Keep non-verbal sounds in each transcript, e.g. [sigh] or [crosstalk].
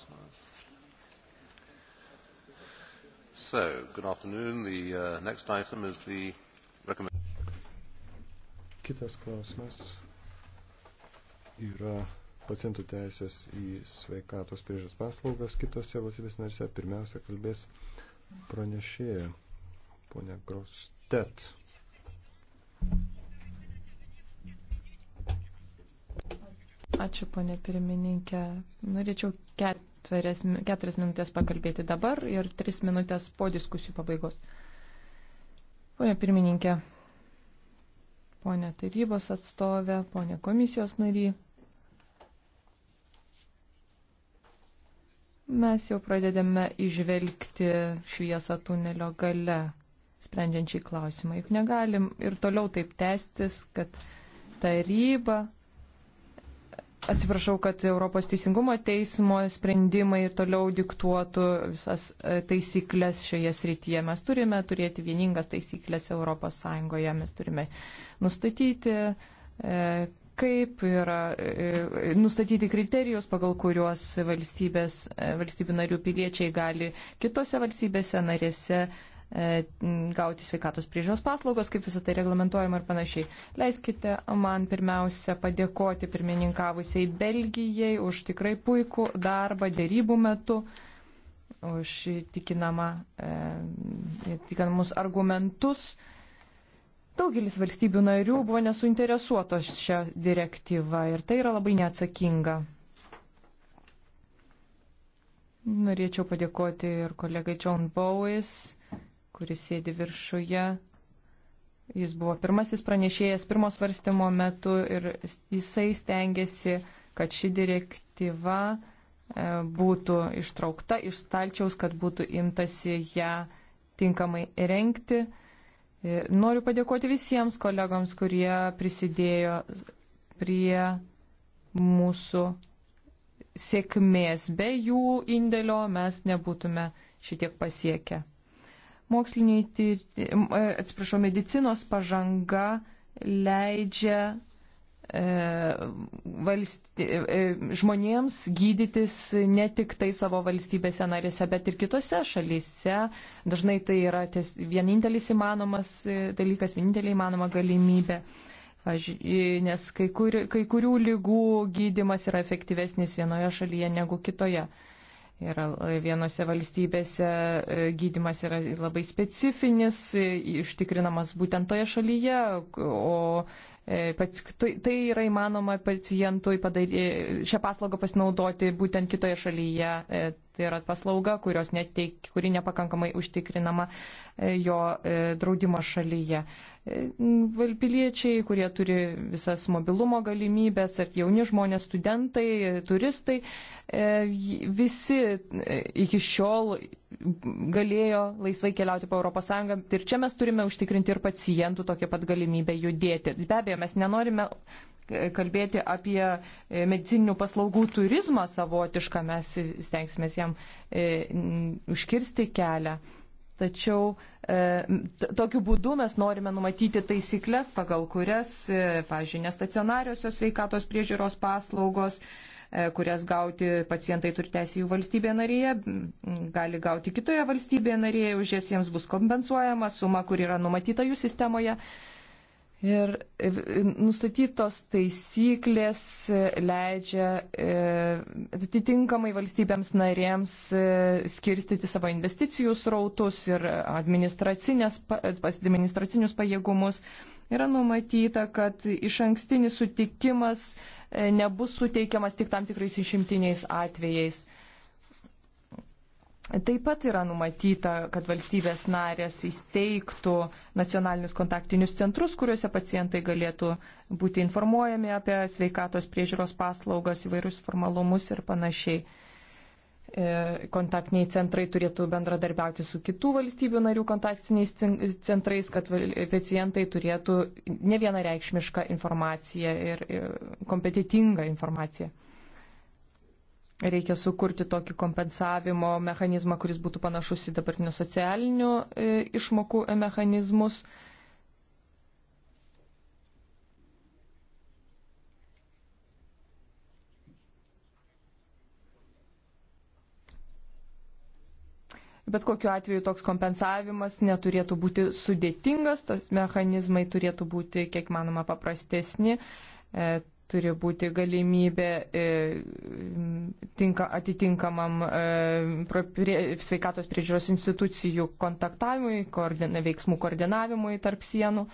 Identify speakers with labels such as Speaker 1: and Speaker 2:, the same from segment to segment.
Speaker 1: this one. So, good afternoon. The uh, next item is the recommendation.
Speaker 2: Kitas klausimas yra pacientų teisės į sveikatos priežas paslaugas kitose valstybės narėse. Pirmiausia, kalbės pranešėja ponia Grostet.
Speaker 3: Ačiū, ponė pirmininkė. Norėčiau ket, keturias, keturias minutės pakalbėti dabar ir tris minutės po diskusijų pabaigos. Pone pirmininkė, pone tarybos atstovė, pone komisijos nary. Mes jau pradedame išvelgti šviesą tunelio gale, sprendžiant šį klausimą. Juk negalim ir toliau taip tęstis, kad taryba atsiprašau, kad Europos teisingumo teismo sprendimai ir toliau diktuotų visas e, taisyklės šioje srityje. Mes turime turėti vieningas taisyklės Europos Sąjungoje, mes turime nustatyti, e, kaip yra, e, nustatyti kriterijus, pagal kuriuos valstybių narių piliečiai gali kitose valstybėse narėse E, gauti sveikatos priežiūros paslaugos, kaip visą tai reglamentuojama ir panašiai. Leiskite man pirmiausia padėkoti pirmininkavusiai Belgijai už tikrai puikų darbą dėrybų metu, už tikinamą, e, tikinamus argumentus. Daugelis valstybių narių buvo nesuinteresuotos šią direktyvą ir tai yra labai neatsakinga. Norėčiau padėkoti ir kolegai John Bowis kuris sėdi viršuje. Jis buvo pirmasis pranešėjas pirmo svarstymo metu ir jisai stengiasi, kad ši direktyva e, būtų ištraukta iš stalčiaus, kad būtų imtasi ją tinkamai rengti. E, noriu padėkoti visiems kolegoms, kurie prisidėjo prie mūsų sėkmės. Be jų indėlio mes nebūtume šitiek pasiekę. Moksliniai, tyr... E, atsiprašau, medicinos pažanga leidžia e, valsti, e, e, žmonėms gydytis ne tik tai savo valstybėse narėse, bet ir kitose šalyse. Dažnai tai yra ties, vienintelis įmanomas e, dalykas, vienintelė įmanoma galimybė. E, nes kai, kur, kai kurių lygų gydimas yra efektyvesnis vienoje šalyje negu kitoje. Yra e, vienose valstybėse e, gydimas yra labai specifinis, e, ištikrinamas būtent toje šalyje, o tai, tai yra įmanoma pacientui padaryti, šią paslaugą pasinaudoti būtent kitoje šalyje tai yra paslauga, neteik, kuri nepakankamai užtikrinama e, jo e, draudimo šalyje. E, piliečiai, kurie turi visas mobilumo galimybės, ar jauni žmonės, studentai, turistai, visi iki šiol galėjo laisvai keliauti po ES ir čia mes turime užtikrinti ir pacientų tokią pat galimybę judėti. Be abejo, mes nenorime kalbėti apie e, medicininių paslaugų turizmą savotišką, mes stengsime jam e, užkirsti kelią. Tačiau e, tokiu būdu mes norime numatyti taisyklės, pagal kurias, pažiūrėjau, nestacionariosios sveikatos priežiūros paslaugos, kurias gauti pacientai turi teisę jų valstybėje narėje, gali gauti kitoje valstybėje narėje, už jas jiems bus kompensuojama suma, kur yra numatyta jų sistemoje. Ir e, nustatytos taisyklės leidžia e, atitinkamai valstybėms narėms e, skirstyti savo investicijų srautus ir administracinius pajėgumus. Yra numatyta, kad iš ankstinis sutikimas nebus suteikiamas tik tam tikrais išimtiniais atvejais. Taip pat yra numatyta, kad valstybės narės įsteigtų nacionalinius kontaktinius centrus, kuriuose pacientai galėtų būti informuojami apie sveikatos priežiūros paslaugas, įvairius formalumus ir panašiai. E, kontaktiniai centrai turėtų bendradarbiauti su kitų valstybių narių kontaktiniais centrais, kad pacientai turėtų ne vienareikšmišką informaciją ir kompetitingą informaciją reikia sukurti tokį kompensavimo mechanizmą, kuris būtų panašus į dabartinių socialinių e, išmokų mechanizmus. Bet kokiu atveju toks kompensavimas neturėtų būti sudėtingas, tas mechanizmai turėtų būti kiek manoma paprastesni. E, turi būti galimybė e, tinka, atitinkamam e, sveikatos priežiūros institucijų kontaktavimui, koordina, veiksmų koordinavimui tarp sienų.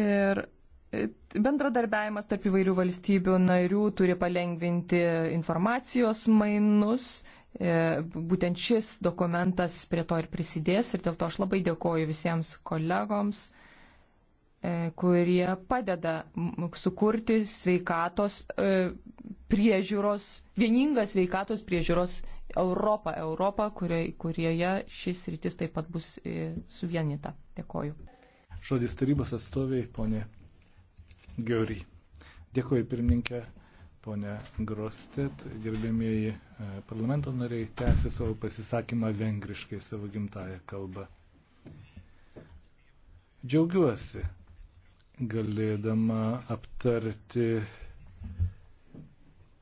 Speaker 3: Ir e, bendradarbiavimas tarp įvairių valstybių narių turi palengvinti informacijos mainus. Būtent šis dokumentas prie to ir prisidės ir dėl to aš labai dėkoju visiems kolegoms E, kurie padeda sukurti sveikatos e, priežiūros, vieningą sveikatos priežiūros Europą, Europą, kurioje, kurioje šis rytis taip pat bus e, suvienita.
Speaker 4: Dėkoju. Žodis tarybos atstoviai, ponė Giori. Dėkoju pirmininkė, ponė Grostet, gerbėmieji parlamento nariai, tęsė savo pasisakymą vengriškai savo gimtają kalbą. Džiaugiuosi, galėdama aptarti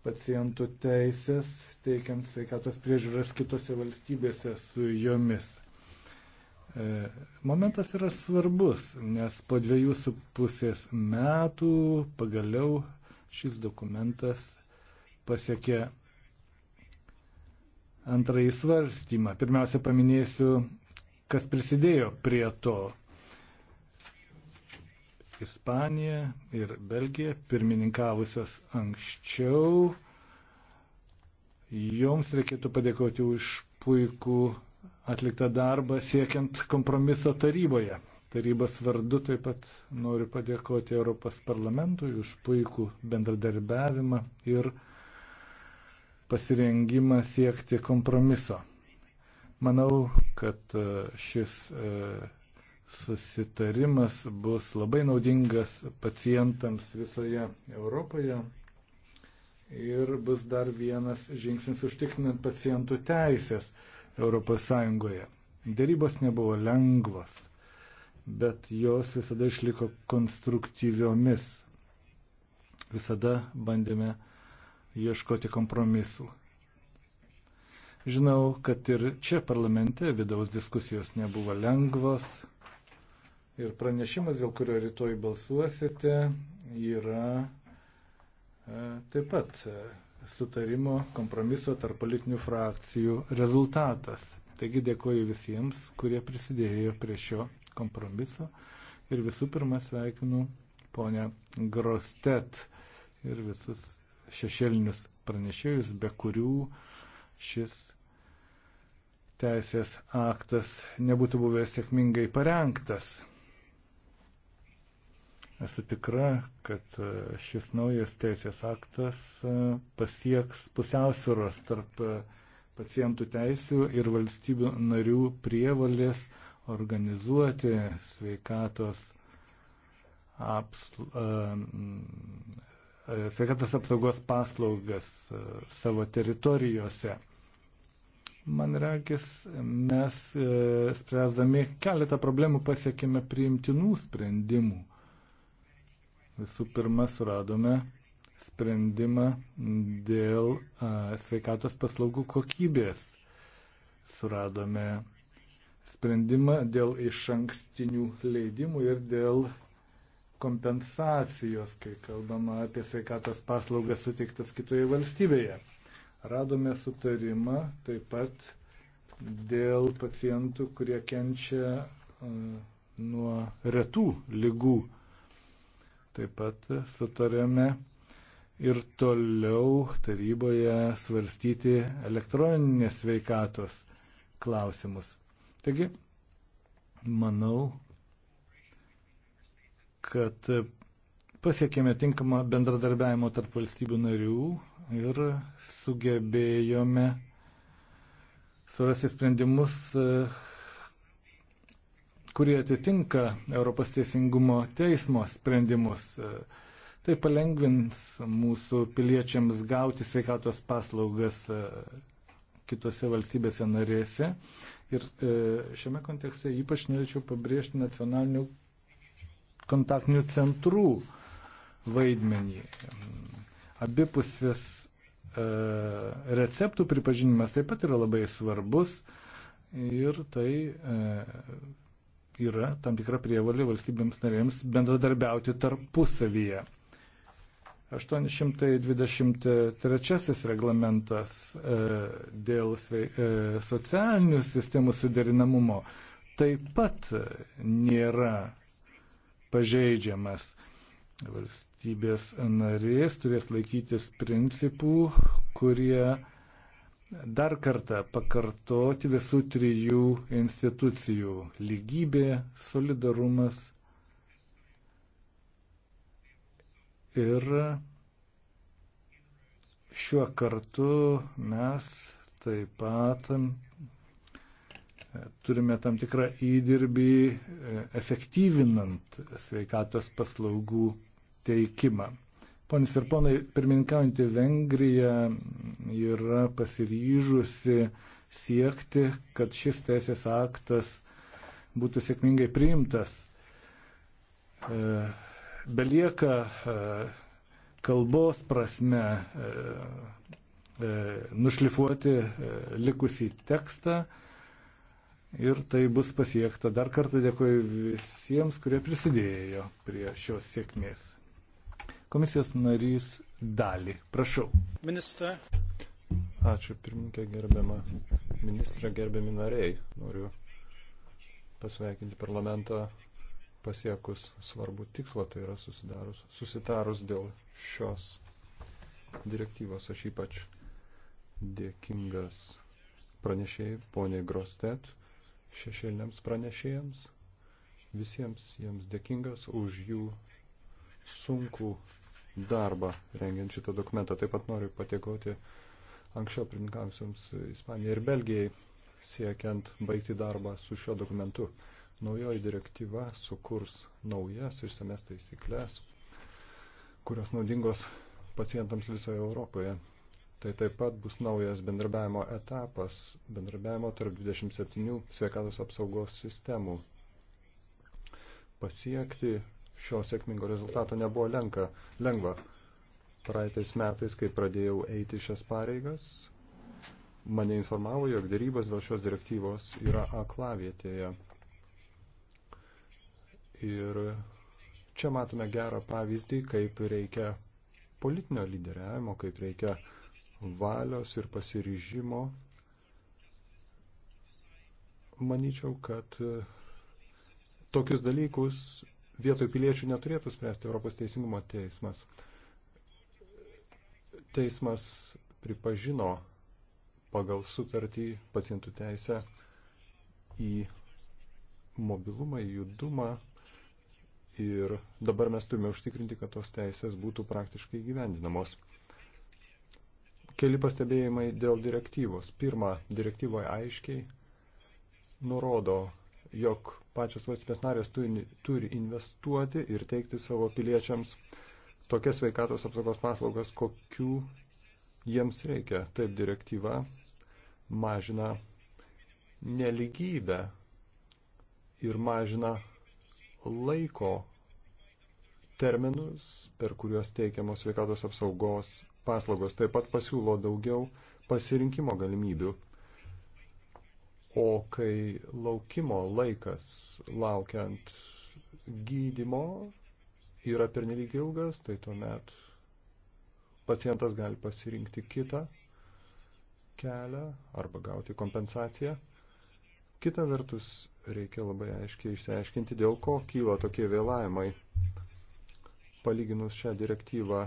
Speaker 4: pacientų teisės, teikiant sveikatos priežiūras kitose valstybėse su jomis. E, momentas yra svarbus, nes po dviejų su pusės metų pagaliau šis dokumentas pasiekė antrąjį svarstymą. Pirmiausia, paminėsiu, kas prisidėjo prie to. Ispanija ir Belgija, pirmininkavusios anksčiau, joms reikėtų padėkoti už puikų atliktą darbą siekiant kompromiso taryboje. Tarybos vardu taip pat noriu padėkoti Europos parlamentui už puikų bendradarbiavimą ir pasirengimą siekti kompromiso. Manau, kad e, šis e, susitarimas bus labai naudingas pacientams visoje Europoje ir bus dar vienas žingsnis užtikrinant pacientų teisės ES. Dėrybos nebuvo lengvos, bet jos visada išliko konstruktyviomis. Visada bandėme ieškoti kompromisų. Žinau, kad ir čia parlamente vidaus diskusijos nebuvo lengvos, Ir pranešimas, dėl kurio rytoj balsuosite, yra e, taip pat e, sutarimo kompromiso tarp politinių frakcijų rezultatas. Taigi dėkoju visiems, kurie prisidėjo prie šio kompromiso. Ir visų pirma sveikinu ponę Grostet ir visus šešėlinius pranešėjus, be kurių šis teisės aktas nebūtų buvęs sėkmingai parengtas. Esu tikra, kad e, šis naujas teisės aktas e, pasieks pusiausvėros tarp e, pacientų teisių ir valstybių narių prievalės organizuoti sveikatos, apsl... sveikatos apsaugos paslaugas savo teritorijose. Man reikės, mes spręsdami keletą problemų pasiekime priimtinų sprendimų Visų pirma, suradome sprendimą dėl a, sveikatos paslaugų kokybės. Suradome sprendimą dėl iš ankstinių leidimų ir dėl kompensacijos, kai kalbama apie sveikatos paslaugas suteiktas kitoje valstybėje. Radome sutarimą taip pat dėl pacientų, kurie kenčia nuo retų lygų Taip pat sutarėme ir toliau taryboje svarstyti elektroninės veikatos klausimus. Taigi, manau, kad pasiekėme tinkamą bendradarbiavimo tarp valstybių narių ir sugebėjome surasti sprendimus kurie atitinka Europos teisingumo teismo sprendimus. Tai palengvins mūsų piliečiams gauti sveikatos paslaugas e, kitose valstybėse narėse. Ir e, šiame kontekste ypač norėčiau pabrėžti nacionalinių kontaktinių centrų vaidmenį. Abipusis e, receptų pripažinimas taip pat yra labai svarbus ir tai yra tam tikra prievalė valstybėms narėms bendradarbiauti tarpusavyje. 823 reglamentas e, dėl e, socialinių sistemų suderinamumo taip pat nėra pažeidžiamas. Valstybės narės turės laikytis principų, kurie dar kartą pakartoti visų trijų institucijų - lygybė, solidarumas ir šiuo kartu mes taip pat turime tam tikrą įdirbį e, efektyvinant sveikatos paslaugų teikimą. Ponis ir ponai, pirmininkaujantį Vengriją yra pasiryžusi siekti, kad šis teisės aktas būtų sėkmingai priimtas. E, belieka e, kalbos prasme e, nušlifuoti likusį tekstą ir tai bus pasiekta. Dar kartą dėkoju visiems, kurie prisidėjo prie šios sėkmės. Komisijos narys dalį. Prašau. Minister. Ačiū pirmininkė gerbiama ministra, gerbiami nariai. Noriu
Speaker 2: pasveikinti parlamentą pasiekus svarbų tikslą, tai yra susidarus, susitarus dėl šios direktyvos. Aš ypač dėkingas pranešėjai, poniai Grostet, šešėliniams pranešėjams, visiems jiems dėkingas už jų sunkų darbą rengiant šitą dokumentą. Taip pat noriu patiekoti anksčiau pirmininkavusiams Ispanijai ir Belgijai siekiant baigti darbą su šiuo dokumentu. Naujoji direktyva sukurs naujas išsames taisyklės, kurios naudingos pacientams visoje Europoje. Tai taip pat bus naujas bendrabiavimo etapas, bendrabiavimo tarp 27 sveikatos apsaugos sistemų. Pasiekti šio sėkmingo rezultato nebuvo lenka, lengva. Praeitais metais, kai pradėjau eiti šias pareigas, mane informavo, jog dėrybos dėl šios direktyvos yra aklavietėje. Ir čia matome gerą pavyzdį, kaip reikia politinio lyderiavimo, kaip reikia valios ir pasiryžimo. Manyčiau, kad tokius dalykus vietoj piliečių neturėtų spręsti Europos teisingumo teismas. Teismas pripažino pagal sutartį pacientų teisę į mobilumą, į judumą ir dabar mes turime užtikrinti, kad tos teisės būtų praktiškai gyvendinamos. Keli pastebėjimai dėl direktyvos. Pirma, direktyvoje aiškiai nurodo, jog pačios valstybės narės turi investuoti ir teikti savo piliečiams tokias sveikatos apsaugos paslaugas, kokių jiems reikia. Taip direktyva mažina neligybę ir mažina laiko terminus, per kuriuos teikiamos sveikatos apsaugos paslaugos. Taip pat pasiūlo daugiau pasirinkimo galimybių. O kai laukimo laikas laukiant gydimo yra pernelyg ilgas, tai tuomet pacientas gali pasirinkti kitą kelią arba gauti kompensaciją. Kita vertus, reikia labai aiškiai išsiaiškinti, dėl ko kyla tokie vėlavimai. Palyginus šią direktyvą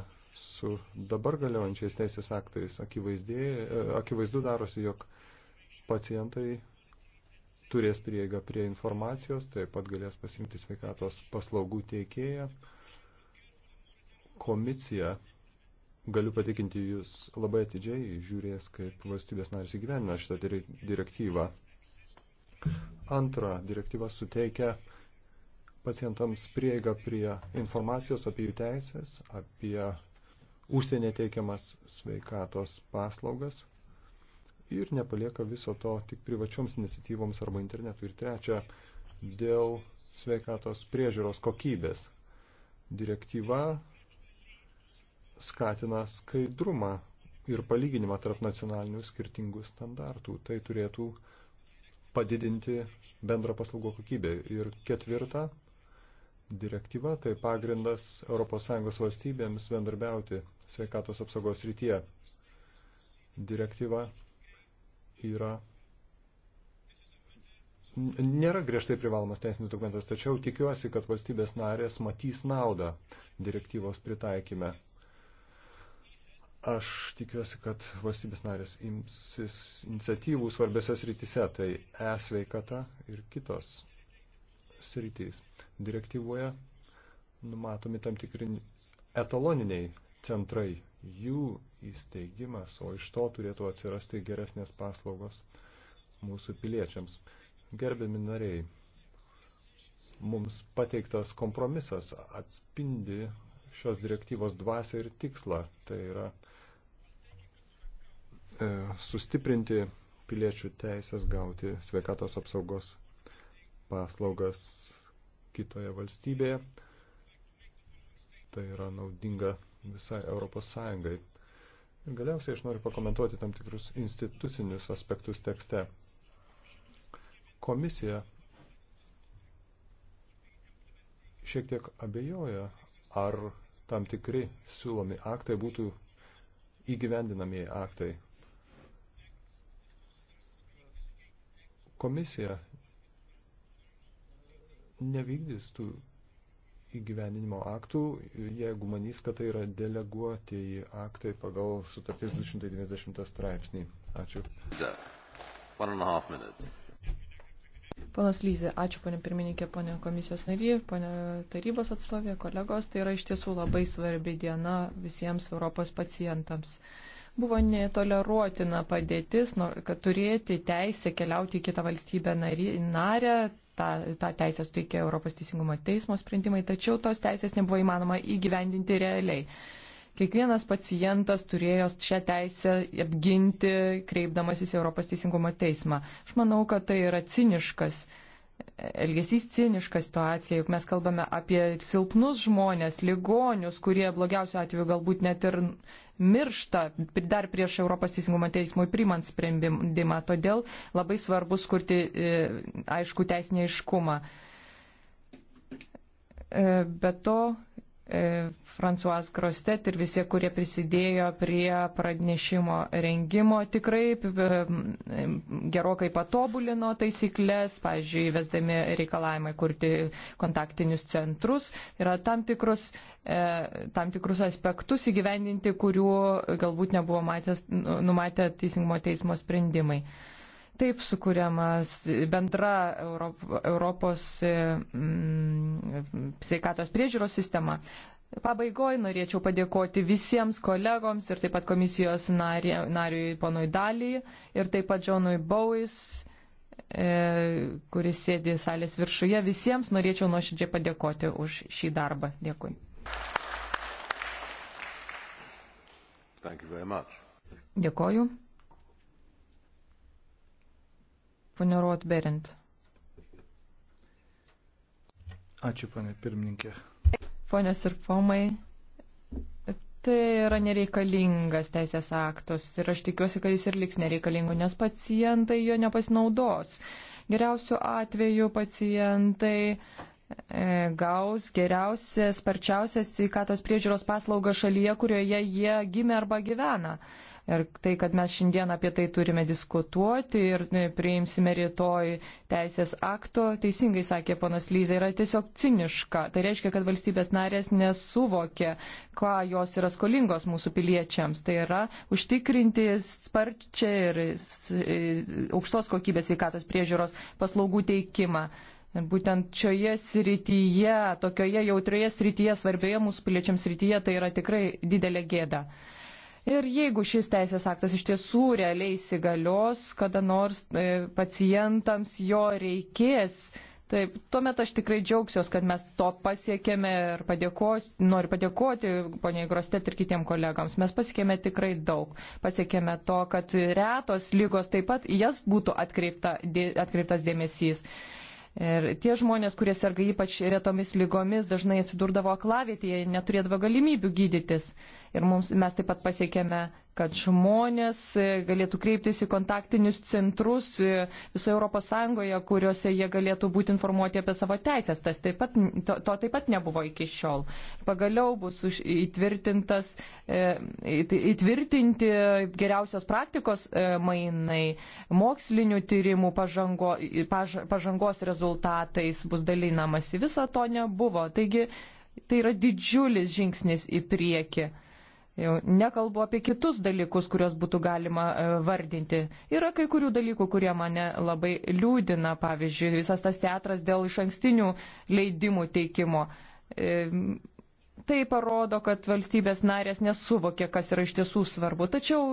Speaker 2: su dabar galiojančiais teisės aktais, akivaizdu darosi, jog pacientai turės prieigą prie informacijos, taip pat galės pasimti sveikatos paslaugų teikėją. Komisija, galiu patikinti jūs, labai atidžiai žiūrės, kaip valstybės narys įgyvenina šitą direktyvą. Antra, direktyva suteikia pacientams prieigą prie informacijos apie jų teisės, apie užsienė teikiamas sveikatos paslaugas, ir nepalieka viso to tik privačioms iniciatyvoms arba internetui. Ir trečia, dėl sveikatos priežiūros kokybės. Direktyva skatina skaidrumą ir palyginimą tarp nacionalinių skirtingų standartų. Tai turėtų padidinti bendrą paslaugų kokybę. Ir ketvirta, direktyva tai pagrindas ES valstybėms bendarbiauti sveikatos apsaugos rytyje. Direktyva yra nėra griežtai privalomas teisinis dokumentas, tačiau tikiuosi, kad valstybės narės matys naudą direktyvos pritaikymę. Aš tikiuosi, kad valstybės narės imsis iniciatyvų svarbiose srityse, tai e-sveikata ir kitos sritys. Direktyvoje numatomi tam tikri etaloniniai centrai, jų įsteigimas, o iš to turėtų atsirasti geresnės paslaugos mūsų piliečiams. Gerbiami nariai, mums pateiktas kompromisas atspindi šios direktyvos dvasę ir tikslą. Tai yra e, sustiprinti piliečių teisės gauti sveikatos apsaugos paslaugas kitoje valstybėje. Tai yra naudinga visai Europos Sąjungai. Ir galiausiai aš noriu pakomentuoti tam tikrus institucinius aspektus tekste. Komisija šiek tiek abejoja, ar tam tikri siūlomi aktai būtų įgyvendinamieji aktai. Komisija nevykdys tų įgyvendinimo aktų, jeigu manys, kad tai yra deleguotieji aktai pagal sutarties 290 straipsnį. Ačiū.
Speaker 3: Panas Lyzė, ačiū ponė pirmininkė, ponė komisijos nary, ponė tarybos atstovė, kolegos. Tai yra iš tiesų labai svarbi diena visiems Europos pacientams. Buvo netoleruotina padėtis, kad turėti teisę keliauti į kitą valstybę narį, narę tą, tą teisę suteikė Europos teisingumo teismo sprendimai, tačiau tos teisės nebuvo įmanoma įgyvendinti realiai. Kiekvienas pacientas turėjo šią teisę apginti, kreipdamasis į Europos teisingumo teismą. Aš manau, kad tai yra ciniškas uh, elgesys ciniška situacija, juk mes kalbame apie silpnus žmonės, ligonius, kurie blogiausiu atveju galbūt net ir miršta dar prieš Europos teisingumo teismui primant sprendimą. Todėl labai svarbu skurti e, aišku teisinį iškumą. E, be to, E, Fransuas Krostet ir visi, kurie prisidėjo prie pranešimo rengimo, tikrai e, gerokai patobulino taisyklės, pavyzdžiui, įvesdami reikalavimai kurti kontaktinius centrus. Yra tam tikrus, e, tam tikrus aspektus įgyvendinti, kurių galbūt nebuvo matęs, nu, numatę teisingumo teismo sprendimai. Taip sukūriamas bendra Europos mm, sveikatos priežiūros sistema. Pabaigoje norėčiau padėkoti visiems kolegoms ir taip pat komisijos narį, nariui ponui Dalį ir taip pat Džonui Bowis, e, kuris sėdi salės viršuje. Visiems norėčiau nuoširdžiai padėkoti už šį darbą. Dėkui. Dėkoju. Pone Rot Berint.
Speaker 4: Ačiū, pane pirmininkė.
Speaker 3: Ponios ir pomai, tai yra nereikalingas teisės aktos ir aš tikiuosi, kad jis ir liks nereikalingu, nes pacientai jo nepasinaudos. Geriausių atveju pacientai e, gaus geriausias, sparčiausias sveikatos priežiūros paslaugą šalyje, kurioje jie gimė arba gyvena. Ir tai, kad mes šiandien apie tai turime diskutuoti ir e, priimsime rytoj teisės akto, teisingai sakė ponas Lyza, yra tiesiog ciniška. Tai reiškia, kad valstybės narės nesuvokia, ką jos yra skolingos mūsų piliečiams. Tai yra užtikrinti sparčią ir e, aukštos kokybės veikatos priežiūros paslaugų teikimą. Ir būtent šioje srityje, tokioje jautrioje srityje, svarbioje mūsų piliečiams srityje, tai yra tikrai didelė gėda. Ir jeigu šis teisės aktas iš tiesų realiai įsigalios, kada nors e, pacientams jo reikės, taip, tuomet aš tikrai džiaugsiuos, kad mes to pasiekėme ir padėkos, noriu padėkoti poniai Grostet ir kitiem kolegams. Mes pasiekėme tikrai daug. Pasiekėme to, kad retos lygos taip pat jas būtų atkreipta, dė, atkreiptas dėmesys. Ir tie žmonės, kurie serga ypač retomis lygomis, dažnai atsidurdavo aklavietėje, neturėdavo galimybių gydytis. Ir mums, mes taip pat pasiekėme, kad žmonės e, galėtų kreiptis į kontaktinius centrus e, visoje Europos Sąjungoje, kuriuose jie galėtų būti informuoti apie savo teisės. Tas taip pat, to, to taip pat nebuvo iki šiol. Pagaliau bus įtvirtintas, e, įtvirtinti geriausios praktikos mainai, mokslinių tyrimų pažango, paž, pažangos rezultatais bus dalinamasi. Visa to nebuvo. Taigi, tai yra didžiulis žingsnis į priekį. Jau nekalbu apie kitus dalykus, kuriuos būtų galima e, vardinti. Yra kai kurių dalykų, kurie mane labai liūdina, pavyzdžiui, visas tas teatras dėl iš ankstinių leidimų teikimo. E, tai parodo, kad valstybės narės nesuvokė, kas yra iš tiesų svarbu. Tačiau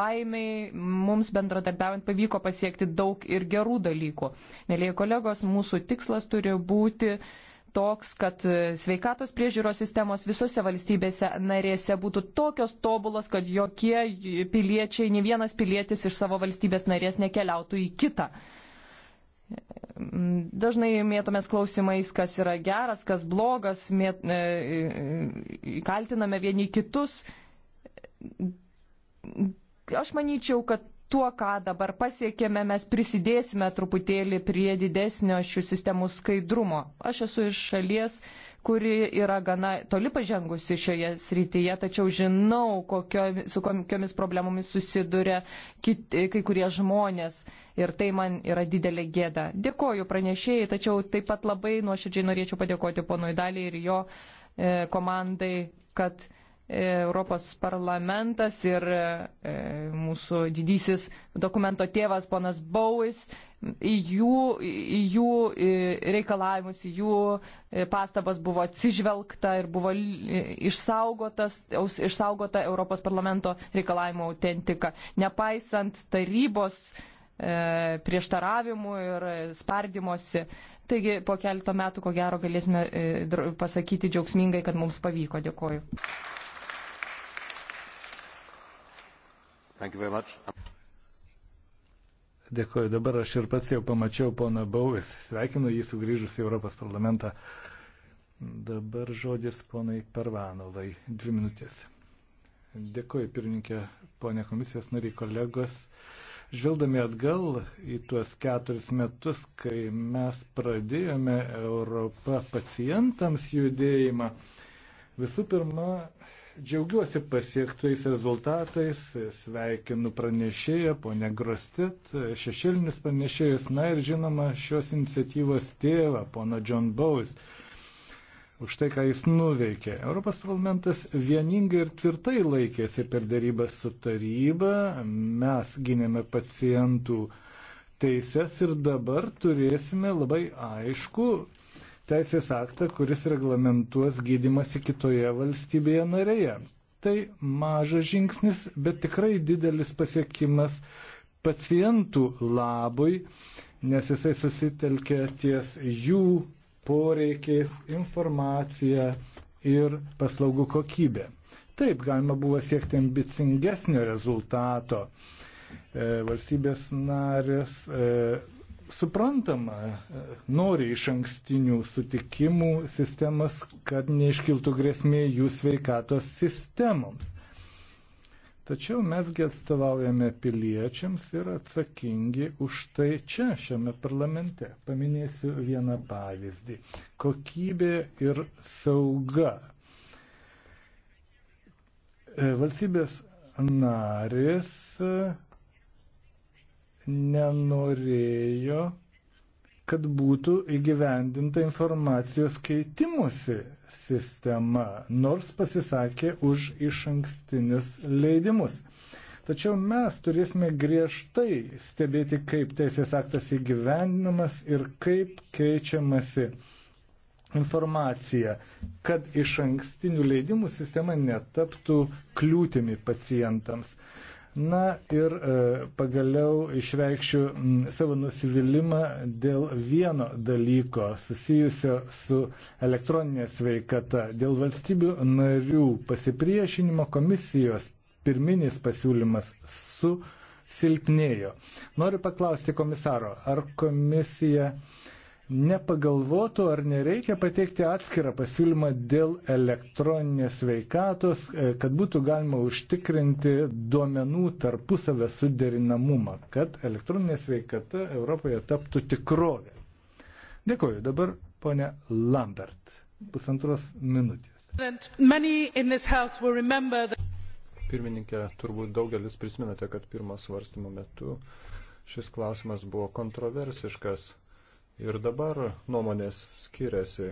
Speaker 3: laimiai mums bendradarbiaujant pavyko pasiekti daug ir gerų dalykų. Mėlyje kolegos, mūsų tikslas turi būti uh, toks, kad e, sveikatos priežiūros sistemos visose valstybėse narėse būtų tokios tobulos, kad jokie e, piliečiai, ne vienas pilietis iš savo valstybės narės nekeliautų į kitą. Dažnai mėtomės klausimais, kas yra geras, kas blogas, mėt, e, kaltiname vieni kitus. Aš manyčiau, kad tuo, ką dabar pasiekėme, mes prisidėsime truputėlį prie didesnio šių sistemų skaidrumo. Aš esu iš šalies, kuri yra gana toli pažengusi šioje srityje, tačiau žinau, kokio, su kokiomis problemomis susiduria kiti, kai kurie žmonės ir tai man yra didelė gėda. Dėkoju pranešėjai, tačiau taip pat labai nuoširdžiai norėčiau padėkoti ponui Daliai ir jo e, komandai, kad E, Europos parlamentas ir e, mūsų didysis dokumento tėvas ponas Bauis į jų, į jų e, reikalavimus, į jų pastabas buvo atsižvelgta ir buvo išsaugotas, išsaugota Europos parlamento reikalavimo autentika. Nepaisant tarybos prieštaravimų ir spardimosi. Taigi po keletą metų, ko gero, galėsime pasakyti džiaugsmingai, kad mums pavyko. Dėkoju.
Speaker 1: Dėkuoju,
Speaker 4: dabar aš ir pats jau pamačiau poną Bauvis. Sveikinu jį sugrįžus į Europos parlamentą. Dabar žodis ponai Pervanovai. Dvi minutės. Dėkuoju, pirmininkė, ponė komisijos nariai, kolegos. Žvelgdami atgal į tuos keturis metus, kai mes pradėjome Europą pacientams judėjimą, visų pirma, Džiaugiuosi pasiektais rezultatais, sveikinu pranešėją, ponę Grostit, šešėlinius pranešėjus, na ir žinoma šios iniciatyvos tėvą, poną John Bowes, už tai, ką jis nuveikė. Europos parlamentas vieningai ir tvirtai laikėsi per darybą su taryba, mes gynėme pacientų teises ir dabar turėsime labai aišku teisės aktą, kuris reglamentuos gydimasi kitoje valstybėje narėje. Tai mažas žingsnis, bet tikrai didelis pasiekimas pacientų labui, nes jisai susitelkia ties jų poreikiais, informacija ir paslaugų kokybė. Taip, galima buvo siekti ambicingesnio rezultato. E, valstybės narės e, Suprantama, nori iš ankstinių sutikimų sistemas, kad neiškiltų grėsmė jų sveikatos sistemoms. Tačiau mesgi atstovaujame piliečiams ir atsakingi už tai čia, šiame parlamente. Paminėsiu vieną pavyzdį. Kokybė ir sauga. E, valstybės narės nenorėjo, kad būtų įgyvendinta informacijos keitimusi sistema, nors pasisakė už iš ankstinius leidimus. Tačiau mes turėsime griežtai stebėti, kaip teisės aktas įgyvendinamas ir kaip keičiamasi informacija, kad iš ankstinių leidimų sistema netaptų kliūtimi pacientams. Na ir e, pagaliau išreikščiau savo nusivylimą dėl vieno dalyko susijusio su elektroninė sveikata. Dėl valstybių narių pasipriešinimo komisijos pirminis pasiūlymas susilpnėjo. Noriu paklausti komisaro, ar komisija nepagalvotų, ar nereikia pateikti atskirą pasiūlymą dėl elektroninės veikatos, e, kad būtų galima užtikrinti duomenų tarpusavę suderinamumą, kad elektroninė sveikata Europoje taptų tikrovė. Dėkuoju. Dabar ponia Lambert. Pusantros minutės.
Speaker 2: Pirmininkė, turbūt daugelis prisimenate, kad pirmo svarstymo metu šis klausimas buvo kontroversiškas Ir dabar nuomonės skiriasi.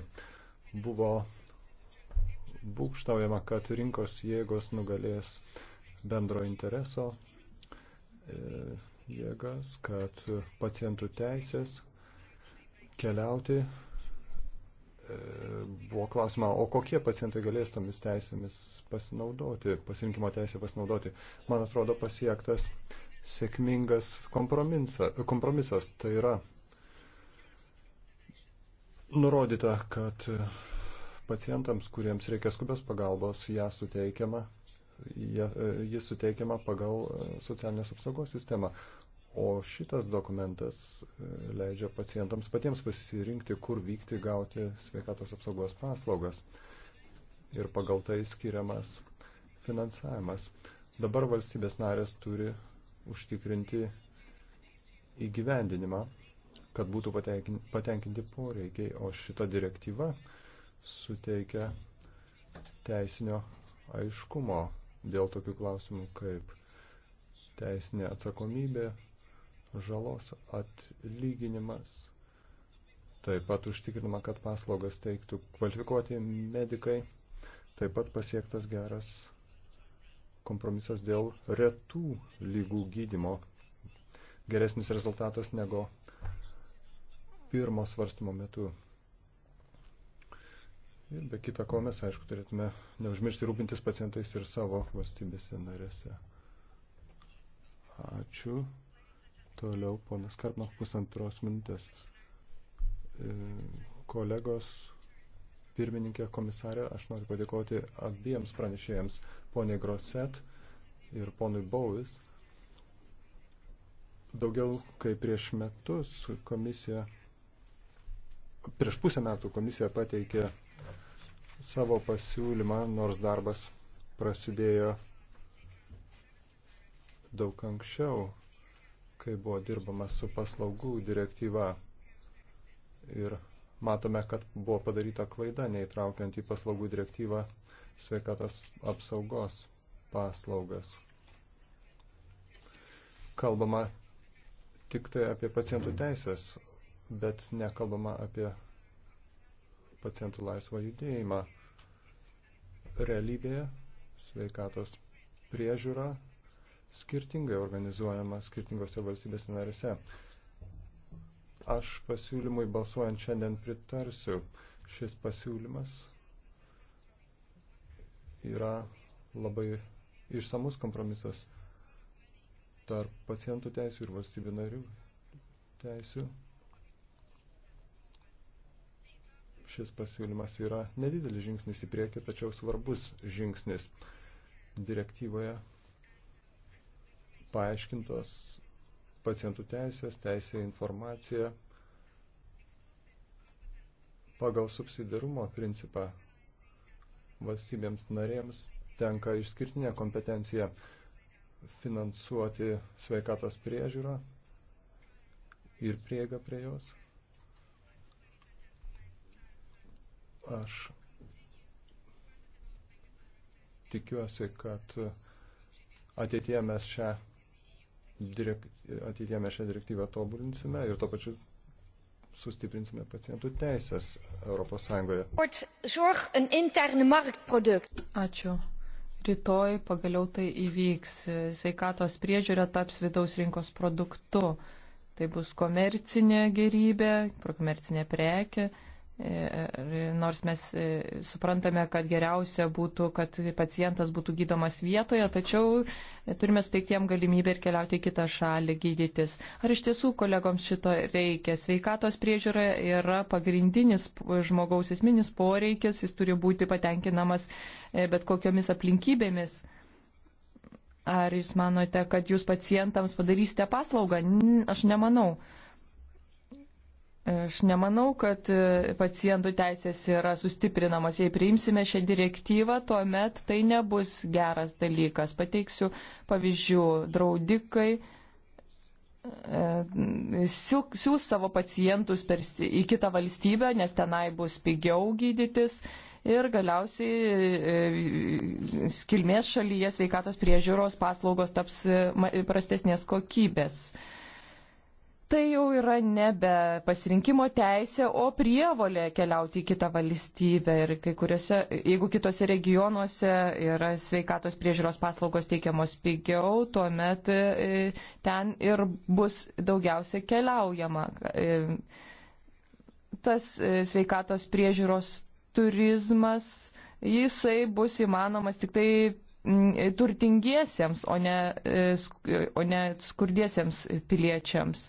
Speaker 2: Buvo būkštaujama, kad rinkos jėgos nugalės bendro intereso e, jėgas, kad pacientų teisės keliauti. E, buvo klausima, o kokie pacientai galės tomis teisėmis pasinaudoti, pasirinkimo teisė pasinaudoti. Man atrodo pasiektas sėkmingas kompromisas. Tai yra Nurodyta, kad pacientams, kuriems reikia skubios pagalbos, ją suteikiama, jis suteikiama pagal e, socialinės apsaugos sistemą. O šitas dokumentas e, leidžia pacientams patiems pasirinkti, kur vykti gauti sveikatos apsaugos paslaugas. Ir pagal tai skiriamas finansavimas. Dabar valstybės narės turi užtikrinti įgyvendinimą kad būtų patenkinti poreikiai, o šita direktyva suteikia teisinio aiškumo dėl tokių klausimų kaip teisinė atsakomybė, žalos atlyginimas. Taip pat užtikrinama, kad paslaugas teiktų kvalifikuoti medikai. Taip pat pasiektas geras kompromisas dėl retų lygų gydimo. Geresnis rezultatas negu pirmo svarstymo metu. Ir be kita ko mes, aišku, turėtume neužmiršti rūpintis pacientais ir savo valstybėse narėse. Ačiū. Toliau ponas Karpmas pusantros minutės. E, kolegos, pirmininkė, komisarė, aš noriu padėkoti abiems pranešėjams, poniai Groset ir ponui Bauvis. Daugiau kaip prieš metus komisija prieš pusę metų komisija pateikė savo pasiūlymą, nors darbas prasidėjo daug anksčiau, kai buvo dirbama su paslaugų direktyva. Ir matome, kad buvo padaryta klaida neįtraukiant į paslaugų direktyvą sveikatos apsaugos paslaugas. Kalbama tik tai apie pacientų teisės, bet nekalbama apie pacientų laisvą judėjimą. Realybėje sveikatos priežiūra skirtingai organizuojama skirtingose valstybės narėse. Aš pasiūlymui balsuojant šiandien pritarsiu. Šis pasiūlymas yra labai išsamus kompromisas tarp pacientų teisų ir valstybių narių teisų. šis pasiūlymas yra nedidelis žingsnis į priekį, tačiau svarbus žingsnis. Direktyvoje paaiškintos pacientų teisės, teisė informacija pagal subsidarumo principą valstybėms narėms tenka išskirtinė kompetencija finansuoti sveikatos priežiūrą ir prieigą prie jos Aš tikiuosi, kad ateitie mes šią, direkt, ateitie mes šią direktyvą tobulinsime ir to pačiu sustiprinsime pacientų teisės Europos Sąjungoje.
Speaker 5: Ačiū.
Speaker 3: Rytoj pagaliau tai įvyks. Sveikatos priežiūra taps vidaus rinkos produktu. Tai bus komercinė gerybė, komercinė prekė Ir e, e, nors mes e, suprantame, kad geriausia būtų, kad pacientas būtų gydomas vietoje, tačiau turime suteikti jam galimybę ir keliauti į kitą šalį gydytis. Ar iš tiesų kolegoms šito reikia? Sveikatos priežiūra yra pagrindinis žmogaus esminis poreikis, jis turi būti patenkinamas bet kokiomis aplinkybėmis. Ar jūs manote, kad jūs pacientams padarysite paslaugą? Aš nemanau. Aš nemanau, kad e, pacientų teisės yra sustiprinamos. Jei priimsime šią direktyvą, tuomet tai nebus geras dalykas. Pateiksiu pavyzdžių. Draudikai e, siūs savo pacientus per, į kitą valstybę, nes tenai bus pigiau gydytis ir galiausiai e, kilmės šalyje sveikatos priežiūros paslaugos taps prastesnės kokybės tai jau yra nebe pasirinkimo teisė, o prievolė keliauti į kitą valstybę. Ir kai kuriuose, jeigu kitose regionuose yra sveikatos priežiūros paslaugos teikiamos pigiau, tuomet e, ten ir bus daugiausia keliaujama. E, tas e, sveikatos priežiūros turizmas, jisai bus įmanomas tik tai turtingiesiems, o ne, o ne skurdiesiems piliečiams.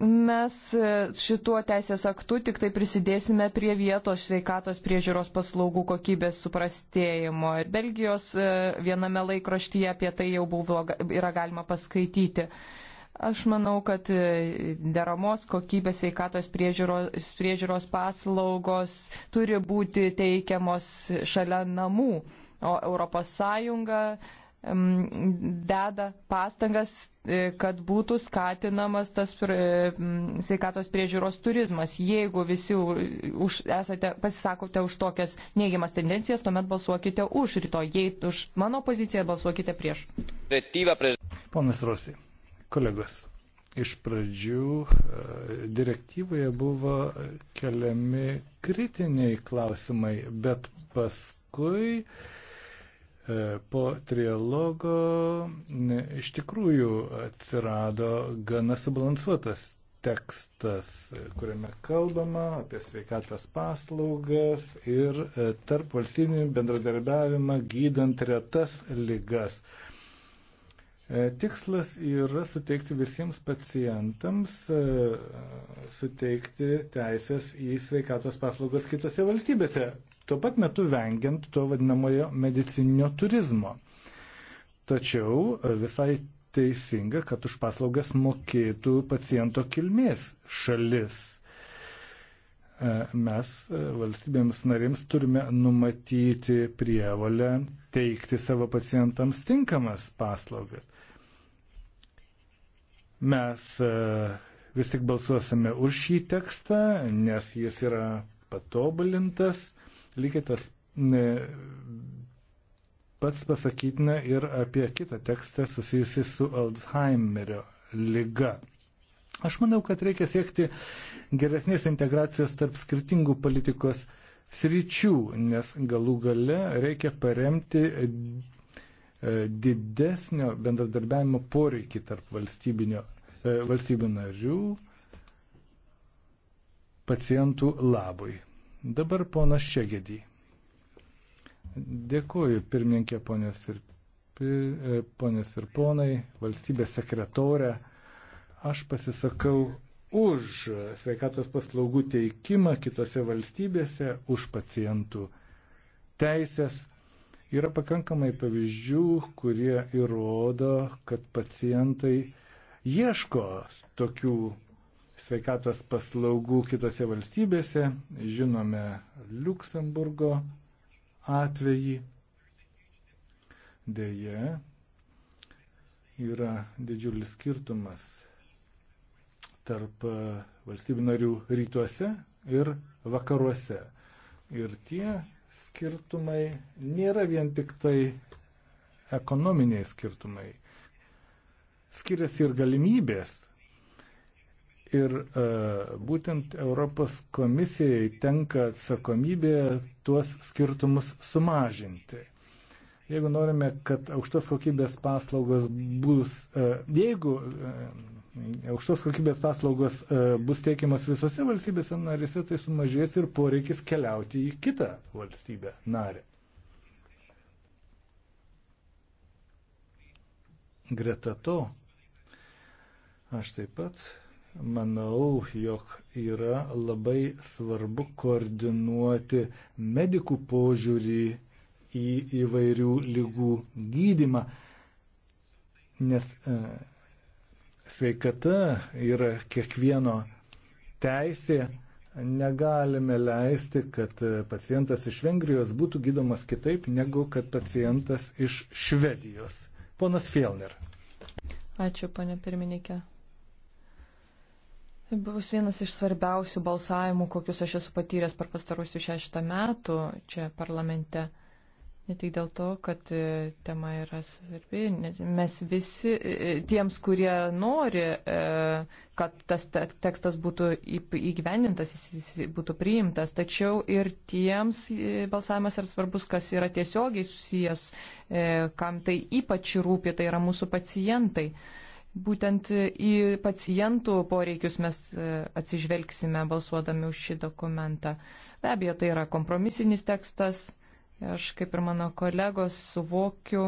Speaker 3: mes e, šituo teisės aktu tik tai prisidėsime prie vietos sveikatos priežiūros paslaugų kokybės suprastėjimo. Belgijos e, viename laikraštyje apie tai jau buvo, yra galima paskaityti. Aš manau, kad e, deramos kokybės sveikatos priežiūros, priežiūros paslaugos turi būti teikiamos šalia namų, o ES deda pastangas, e, kad būtų skatinamas tas e, sveikatos priežiūros turizmas. Jeigu visi už, esate, pasisakote už tokias neigiamas tendencijas, tuomet balsuokite už ryto. Jei už mano poziciją, balsuokite prieš.
Speaker 4: Ponas Rusi, kolegos, iš pradžių e, direktyvoje buvo keliami kritiniai klausimai, bet paskui uh, Po trialogo iš tikrųjų atsirado gana subalansuotas tekstas, kuriame kalbama apie sveikatos paslaugas ir e, tarp valstybinį bendradarbiavimą gydant retas lygas. E, tikslas yra suteikti visiems pacientams, e, suteikti teisės į sveikatos paslaugas kitose valstybėse tuo pat metu vengiant to vadinamojo medicininio turizmo. Tačiau e, visai teisinga, kad už paslaugas mokėtų paciento kilmės šalis. E, mes e, valstybėms narėms turime numatyti prievalę teikti savo pacientams tinkamas paslaugas. Mes vis tik
Speaker 1: balsuosime
Speaker 4: už šį tekstą, nes jis yra patobulintas Lygiai tas ne, pats pasakytina ir apie kitą tekstą susijusi su Alzheimerio lyga. Aš manau, kad reikia siekti geresnės integracijos tarp skirtingų politikos sričių, nes galų gale reikia paremti e, didesnio bendradarbiavimo poreikį tarp e, valstybių narių pacientų labui. Dabar ponas Šegedį. Dėkuoju pirmininkė ponės ir, pir, e, ponės ir ponai, valstybės sekretorė. Aš pasisakau už sveikatos paslaugų teikimą kitose valstybėse, už pacientų teisės. Yra pakankamai pavyzdžių, kurie įrodo, kad pacientai ieško tokių sveikatos paslaugų kitose valstybėse. Žinome Luksemburgo atvejį. Deja, yra didžiulis skirtumas tarp valstybių narių rytuose ir vakaruose. Ir tie skirtumai nėra vien tik tai ekonominiai skirtumai. Skiriasi ir galimybės Ir e, būtent Europos komisijai tenka atsakomybė tuos skirtumus sumažinti. Jeigu norime, kad aukštos kokybės paslaugos bus, e, jeigu e, aukštos kokybės paslaugos e, bus teikiamas visose valstybėse narise, tai sumažės ir poreikis keliauti į kitą valstybę narę. Greta to, aš taip pat manau, jog yra labai svarbu koordinuoti medikų požiūrį į įvairių lygų gydimą, nes e, sveikata yra kiekvieno teisė. Negalime leisti, kad e, pacientas iš Vengrijos būtų gydomas kitaip, negu kad pacientas iš Švedijos. Ponas Fielner.
Speaker 3: Ačiū, ponė pirmininkė. Tai bus vienas iš svarbiausių balsavimų, kokius aš esu patyręs per pastarusius šeštą metų čia parlamente. Ne tik dėl to, kad e, tema yra svarbi, nes mes visi, e, e, tiems, kurie nori, kad tas tekstas būtų įgyvendintas, jis būtų priimtas, tačiau ir tiems balsavimas yra svarbus, kas yra tiesiogiai susijęs, kam tai ypač rūpi, tai yra mūsų pacientai. Būtent į pacientų poreikius mes e, atsižvelgsime balsuodami už šį dokumentą. Be abejo, tai yra kompromisinis tekstas. Aš, kaip ir mano kolegos, suvokiu,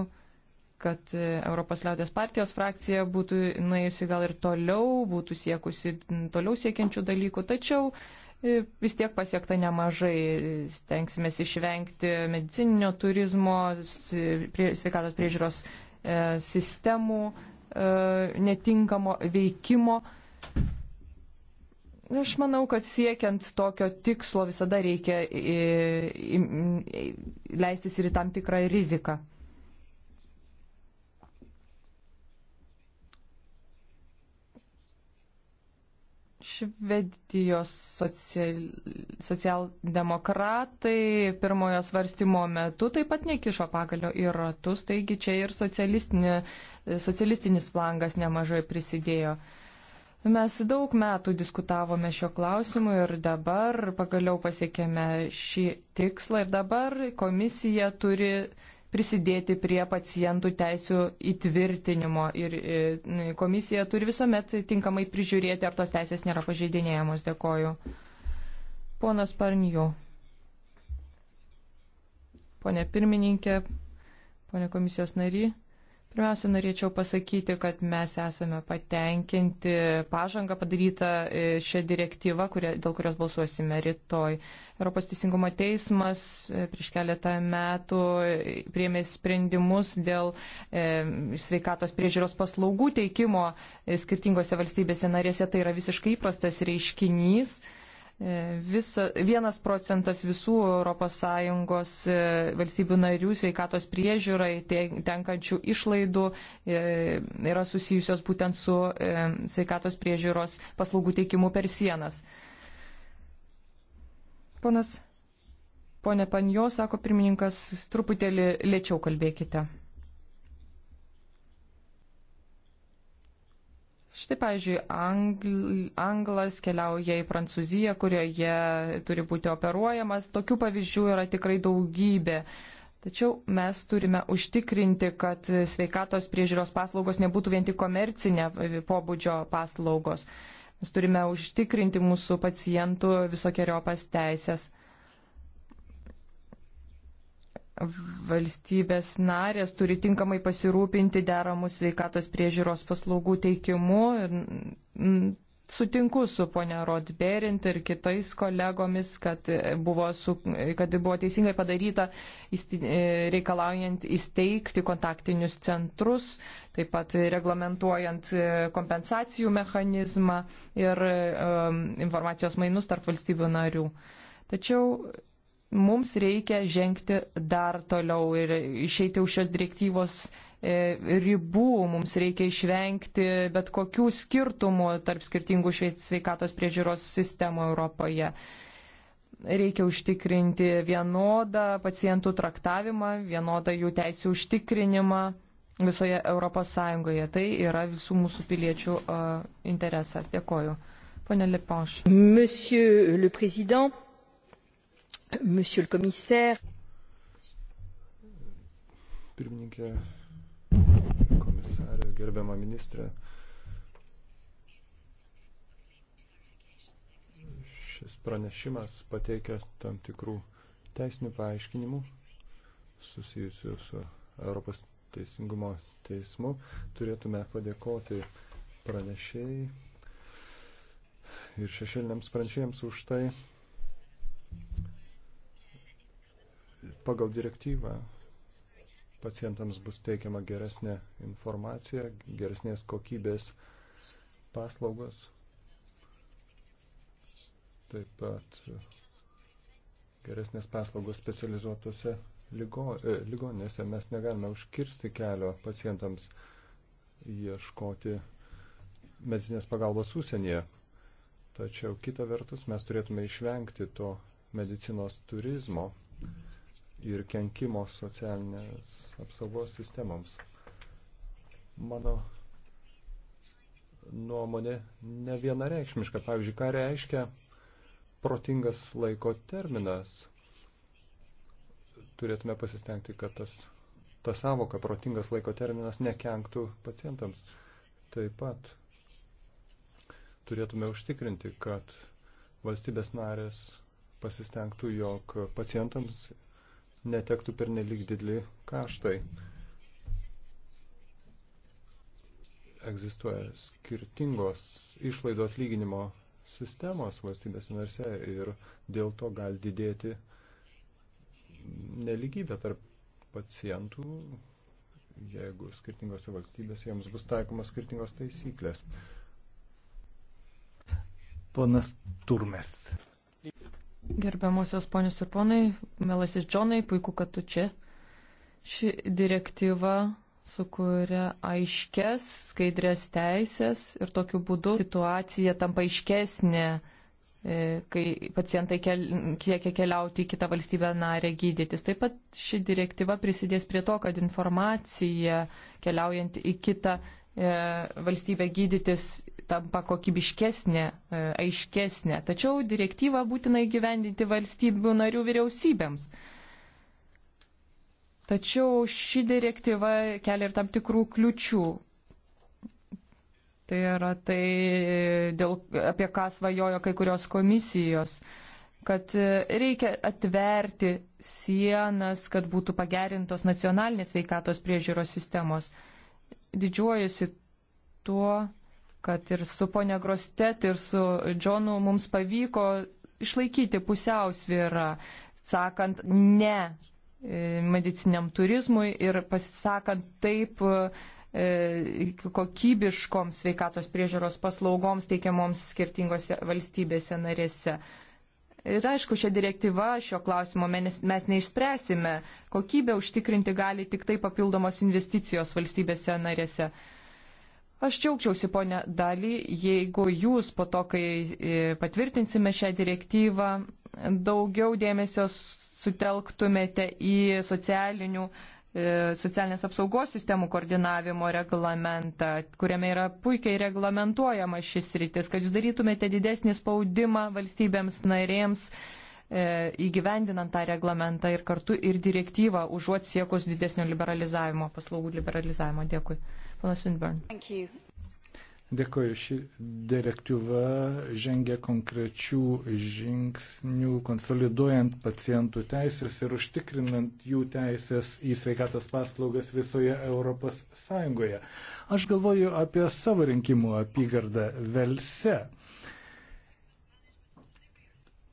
Speaker 3: kad e, Europos liaudės partijos frakcija būtų nuėjusi gal ir toliau, būtų siekusi toliau siekiančių dalykų, tačiau e, vis tiek pasiekta nemažai. Stengsime išvengti medicininio turizmo, sveikatos priežiūros sistemų E, netinkamo veikimo. Aš manau, kad siekiant tokio tikslo visada reikia e, e, leistis ir į tam tikrą riziką. Švedijos social, socialdemokratai pirmojo svarstymo metu taip pat nekišo pagalio į ratus, taigi čia ir socialistinė, socialistinis flangas nemažai prisidėjo. Mes daug metų diskutavome šio klausimu ir dabar pagaliau pasiekėme šį tikslą ir dabar komisija turi prisidėti prie pacientų teisų įtvirtinimo ir e, komisija turi visuomet tinkamai prižiūrėti, ar tos teisės nėra pažeidinėjamos. Dėkoju. Ponas Parnijų. Pone pirmininkė, pone komisijos nary. Pirmiausia, norėčiau pasakyti, kad mes esame patenkinti pažangą padarytą e, šią direktyvą, kurie, dėl kurios balsuosime rytoj. Europos Teisingumo teismas e, prieš keletą metų e, priemė sprendimus dėl e, sveikatos priežiūros paslaugų teikimo skirtingose valstybėse narėse. Tai yra visiškai įprastas reiškinys. E, E, visa, vienas procentas visų ES e, valstybių narių sveikatos priežiūrai tenkančių išlaidų e, yra susijusios būtent su sveikatos priežiūros paslaugų teikimu per sienas. Ponas, ponė Panjo, sako pirmininkas, truputėlį lėčiau kalbėkite. Štai, pavyzdžiui, angl, anglas keliauja į Prancūziją, kurioje turi būti operuojamas. Tokių pavyzdžių yra tikrai daugybė. Tačiau mes turime užtikrinti, kad sveikatos priežiūros paslaugos nebūtų vien tik komercinė pobūdžio paslaugos. Mes turime užtikrinti mūsų pacientų visokiojopas teisės valstybės narės turi tinkamai pasirūpinti deramų sveikatos priežiūros paslaugų teikimu. Mm, sutinku su ponia Rodberint ir kitais kolegomis, kad buvo, su, kad buvo teisingai padaryta e, reikalaujant įsteigti kontaktinius centrus, taip pat reglamentuojant e, kompensacijų mechanizmą ir um, informacijos mainus tarp valstybių narių. Tačiau mums reikia žengti dar toliau ir išeiti už šios direktyvos e, ribų, mums reikia išvengti bet kokių skirtumų tarp skirtingų sveikatos priežiūros sistemų Europoje. Reikia užtikrinti vienodą pacientų traktavimą, vienodą jų teisų užtikrinimą visoje Europos Sąjungoje. Tai yra visų mūsų piliečių uh, interesas. Dėkoju. Pone Lepanš. Monsieur le Président, Monsieur le commissaire.
Speaker 2: Pirmininkė, komisarė, gerbiama ministrė. Šis pranešimas pateikia tam tikrų teisinių paaiškinimų susijusių su Europos teisingumo teismu. Turėtume padėkoti pranešėjai ir šešėliniams pranešėjams už tai, pagal direktyvą pacientams bus teikiama geresnė informacija, geresnės kokybės paslaugos. Taip pat geresnės paslaugos specializuotose lygo, e, ligoninėse mes negalime užkirsti kelio pacientams ieškoti medicinės pagalbos užsienyje. Tačiau kita vertus mes turėtume išvengti to medicinos turizmo, ir kenkimo socialinės apsaugos sistemoms. Mano nuomonė ne vienareikšmiška. Pavyzdžiui, ką reiškia protingas laiko terminas. Turėtume pasistengti, kad tas, ta savoka protingas laiko terminas nekenktų pacientams. Taip pat turėtume užtikrinti, kad valstybės narės pasistengtų, jog pacientams netektų per nelik didelį kaštai. Egzistuoja skirtingos išlaidų atlyginimo sistemos valstybės narse ir dėl to gali didėti neligybė tarp pacientų, jeigu skirtingose valstybėse jiems bus taikomos skirtingos taisyklės. Ponas
Speaker 4: Turmes.
Speaker 3: Gerbiamosios ponios ir ponai, melasis Džonai, puiku, kad tu čia. Ši direktyva sukuria aiškes, skaidrės teisės ir tokiu būdu situacija tampa aiškesnė, e, kai pacientai kel, kiekia keliauti į kitą valstybę narę gydytis. Taip pat ši direktyva prisidės prie to, kad informacija keliaujant į kitą e, valstybę gydytis tampa kokybiškesnė, e, aiškesnė. Tačiau direktyvą būtina įgyvendinti valstybių narių vyriausybėms. Tačiau ši direktyva kelia ir tam tikrų kliučių. Tai yra tai, e, dėl, apie ką svajojo kai kurios komisijos kad e, reikia atverti sienas, kad būtų pagerintos nacionalinės veikatos priežiūros sistemos. Didžiuojasi tuo, kad ir su ponia Grostet, ir su Džonu mums pavyko išlaikyti pusiausvyrą, sakant ne e, mediciniam turizmui ir pasisakant taip e, kokybiškoms sveikatos priežiūros paslaugoms teikiamoms skirtingose valstybėse narėse. Ir aišku, šią direktyvą šio klausimo mes neišspręsime. Kokybę užtikrinti gali tik tai papildomos investicijos valstybėse narėse. Aš džiaugčiausi, ponė Dali, jeigu jūs po to, kai e, patvirtinsime šią direktyvą, daugiau dėmesio sutelktumėte į socialinių, e, socialinės apsaugos sistemų koordinavimo reglamentą, kuriame yra puikiai reglamentuojama šis rytis, kad jūs darytumėte didesnį spaudimą valstybėms narėms e, įgyvendinant tą reglamentą ir kartu ir direktyvą užuot siekus didesnio liberalizavimo, paslaugų liberalizavimo. Dėkui. Ponas Winburn.
Speaker 4: Dėkoju, ši direktyva žengia konkrečių žingsnių, konsoliduojant pacientų teisės ir užtikrinant jų teisės į sveikatos paslaugas visoje Europos Sąjungoje. Aš galvoju apie savo rinkimų apygardą Velse,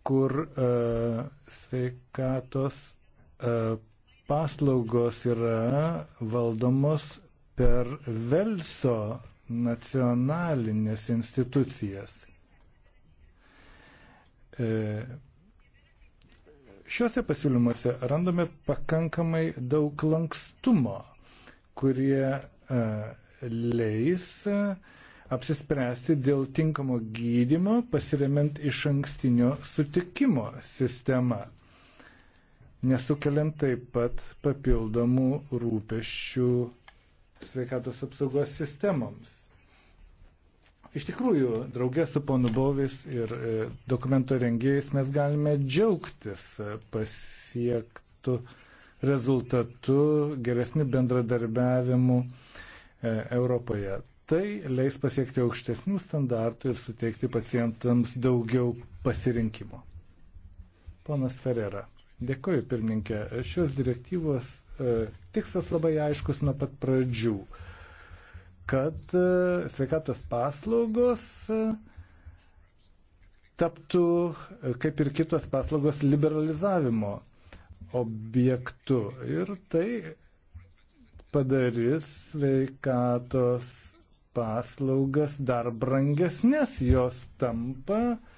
Speaker 4: kur uh, sveikatos uh, paslaugos yra valdomos per Velso nacionalinės institucijas. E, šiuose pasiūlymuose randame pakankamai daug lankstumo, kurie e, leis e, apsispręsti dėl tinkamo gydimo pasiremiant iš ankstinio sutikimo sistemą, nesukeliant taip pat papildomų rūpeščių sveikatos apsaugos sistemoms. Iš tikrųjų, draugė su ponu Bovis ir e, dokumento rengėjais mes galime džiaugtis e, pasiektų rezultatų geresnių bendradarbiavimų e, Europoje. Tai leis pasiekti aukštesnių standartų ir suteikti pacientams daugiau pasirinkimo. Ponas Ferrera, dėkoju pirmininkė. Šios direktyvos E, tikslas labai aiškus nuo pat pradžių, kad e, sveikatos paslaugos e, taptų, kaip ir kitos paslaugos, liberalizavimo objektu. Ir tai padarys sveikatos paslaugas dar brangesnės, jos tampa uh,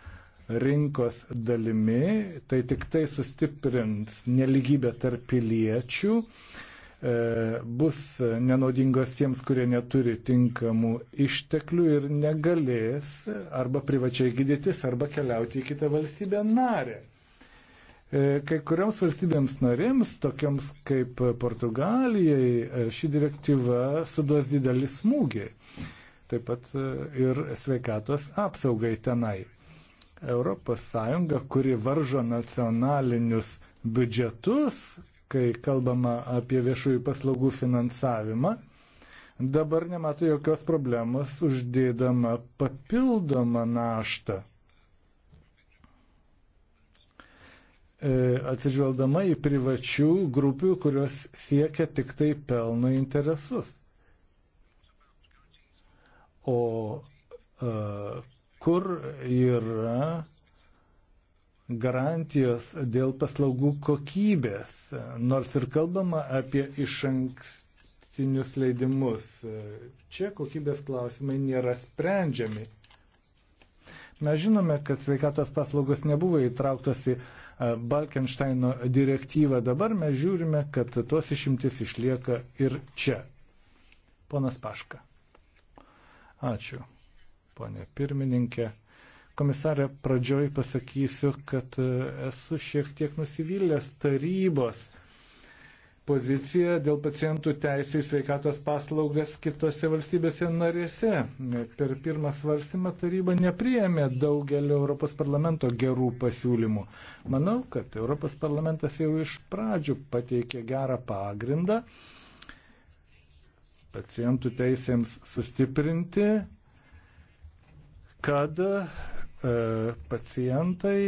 Speaker 4: rinkos dalimi, tai tik tai sustiprins neligybę tarp piliečių, e, bus nenaudingos tiems, kurie neturi tinkamų išteklių ir negalės arba privačiai gydytis, arba keliauti į kitą valstybę narę. E, kai kurioms valstybėms narėms, tokiams kaip Portugalijai, e, ši direktyva suduos didelį smūgį, taip pat ir sveikatos apsaugai tenai. ES, kuri varžo nacionalinius biudžetus, kai kalbama apie viešųjų paslaugų finansavimą, dabar nemato jokios problemos uždėdama papildomą naštą. E, atsižvelgdama į privačių grupių, kurios siekia tik tai pelno interesus. O e, kur yra garantijos dėl paslaugų kokybės, nors ir kalbama apie iš ankstinius leidimus. Čia kokybės klausimai nėra sprendžiami. Mes žinome, kad sveikatos paslaugos nebuvo įtrauktos į Balkensteino direktyvą. Dabar mes žiūrime, kad tos išimtis išlieka ir čia. Ponas Paška. Ačiū ponė pirmininkė. Komisarė, pradžioj pasakysiu, kad e, esu šiek tiek nusivylęs tarybos poziciją dėl pacientų teisų į sveikatos paslaugas kitose valstybėse narėse. Per pirmą svarstymą taryba nepriėmė daugelio Europos parlamento gerų pasiūlymų. Manau, kad Europos parlamentas jau iš pradžių pateikė gerą pagrindą pacientų teisėms sustiprinti kad e, pacientai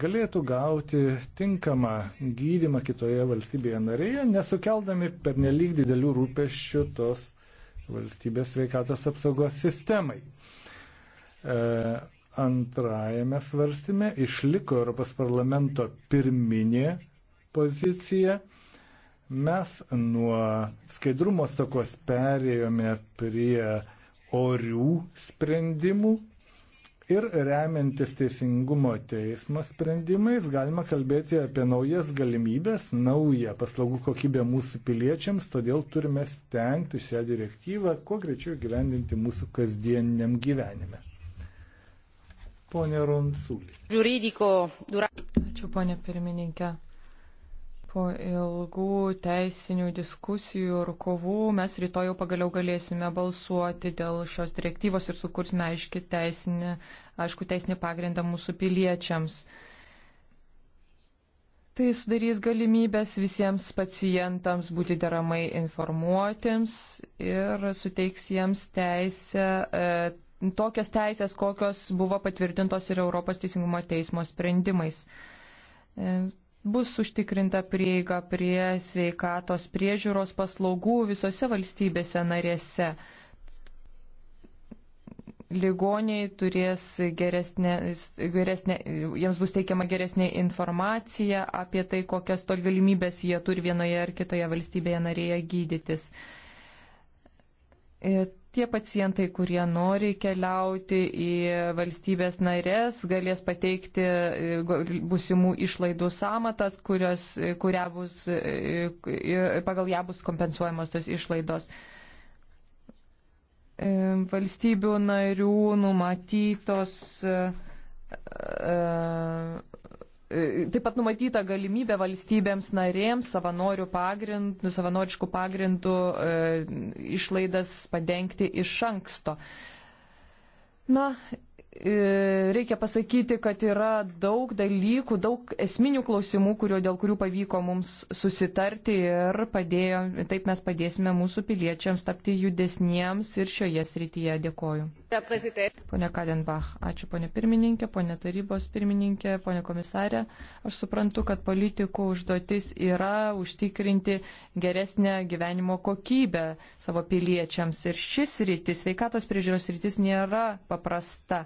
Speaker 4: galėtų gauti tinkamą gydimą kitoje valstybėje narėje, nesukeldami per nelik didelių rūpeščių tos valstybės sveikatos apsaugos sistemai. E, antrajame svarstymė išliko Europos parlamento pirminė pozicija. Mes nuo skaidrumo stokos perėjome prie orių sprendimų Ir remiantis teisingumo teismo sprendimais galima kalbėti apie naujas galimybės, naują paslaugų kokybę mūsų piliečiams, todėl turime stengti šią direktyvą kuo greičiau gyvendinti mūsų kasdieniniam gyvenime. Pone Ronsulį.
Speaker 3: Ačiū, ponė pirmininkė. Po ilgų teisinių diskusijų ir kovų mes rytoj jau pagaliau galėsime balsuoti dėl šios direktyvos ir sukursime aiški teisinį, aišku teisinį pagrindą mūsų piliečiams. Tai sudarys galimybės visiems pacientams būti deramai informuotiems ir suteiks jiems teisę, e, tokias teisės, kokios buvo patvirtintos ir Europos Teisingumo teismo sprendimais. E, bus užtikrinta prieiga prie sveikatos priežiūros paslaugų visose valstybėse narėse. Ligoniai turės geresnė, geresnė, jiems bus teikiama geresnė informacija apie tai, kokias tol galimybės jie turi vienoje ar kitoje valstybėje narėje gydytis. Ir tie pacientai, kurie nori keliauti į valstybės narės, galės pateikti e, būsimų išlaidų samatas, kurios, e, kuria bus, e, pagal ją bus kompensuojamos tos išlaidos. Valstybių narių numatytos E, taip pat numatyta galimybė valstybėms narėms savanorių pagrindų, savanoriškų pagrindų e, išlaidas padengti iš anksto. Na, E, reikia pasakyti, kad yra daug dalykų, daug esminių klausimų, kurio, dėl kurių pavyko mums susitarti ir padėjo, taip mes padėsime mūsų piliečiams tapti judesniems ir šioje srityje dėkoju. Pone Kadenbach, ačiū pone pirmininkė, pone tarybos pirmininkė, pone komisarė. Aš suprantu, kad politikų užduotis yra užtikrinti geresnę gyvenimo kokybę savo piliečiams ir šis rytis, sveikatos priežiūros rytis nėra paprasta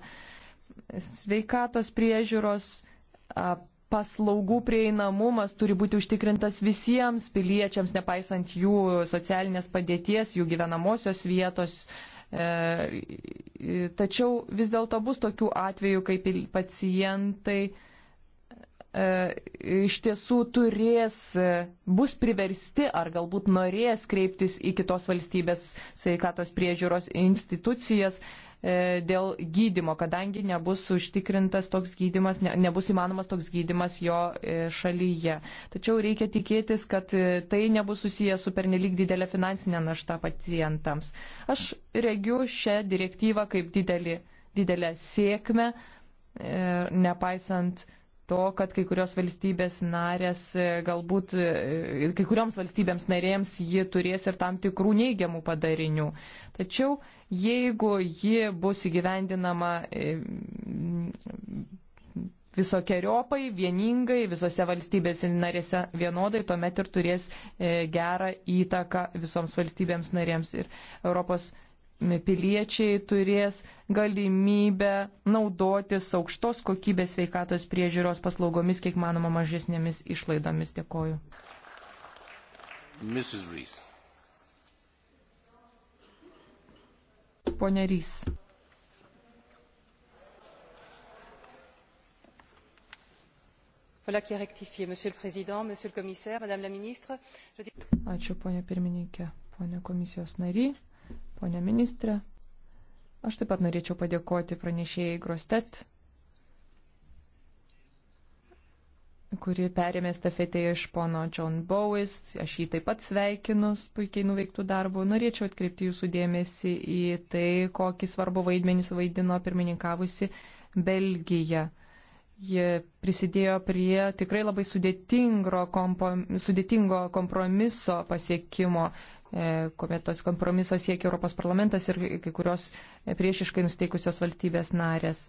Speaker 3: sveikatos priežiūros paslaugų prieinamumas turi būti užtikrintas visiems piliečiams, nepaisant jų socialinės padėties, jų gyvenamosios vietos. E, tačiau vis dėlto bus tokių atvejų, kai pacientai e, iš tiesų turės, e, bus priversti ar galbūt norės kreiptis į kitos valstybės sveikatos priežiūros institucijas, E, dėl gydimo, kadangi nebus užtikrintas toks gydimas, ne, nebus įmanomas toks gydimas jo e, šalyje. Tačiau reikia tikėtis, kad e, tai nebus susijęs su pernelyg didelė finansinė našta pacientams. Aš regiu šią direktyvą kaip didelį, didelę sėkmę, nepaisant to, kad kai kurios valstybės narės e, galbūt, e, kai kurioms valstybėms narėms ji turės ir tam tikrų neigiamų padarinių. Tačiau jeigu ji bus įgyvendinama e, visokiojopai, vieningai, visose valstybėse narėse vienodai, tuomet ir turės gerą įtaką visoms valstybėms narėms ir Europos Sąjungos piliečiai turės galimybę naudotis aukštos kokybės veikatos priežiūros paslaugomis, kiek manoma, mažesnėmis išlaidomis. Dėkoju. Pone Rys. Voilà qui est rectifié, Monsieur le Président, Monsieur le Commissaire, Madame la Ministre. Je... Ačiū, ponė pirmininkė, ponė komisijos nariai. Pone ministrė, aš taip pat norėčiau padėkoti pranešėjai Grostet, kuri perėmė stafetę iš pono John Bowis. Aš jį taip pat sveikinu, puikiai nuveiktų darbų. Norėčiau atkreipti jūsų dėmesį į tai, kokį svarbų vaidmenį suvaidino pirmininkavusi Belgija. Ji prisidėjo prie tikrai labai sudėtingo, kompo, sudėtingo kompromiso pasiekimo E, kuomet tos kompromiso siekia Europos parlamentas ir kai kurios priešiškai nusteikusios valstybės narės.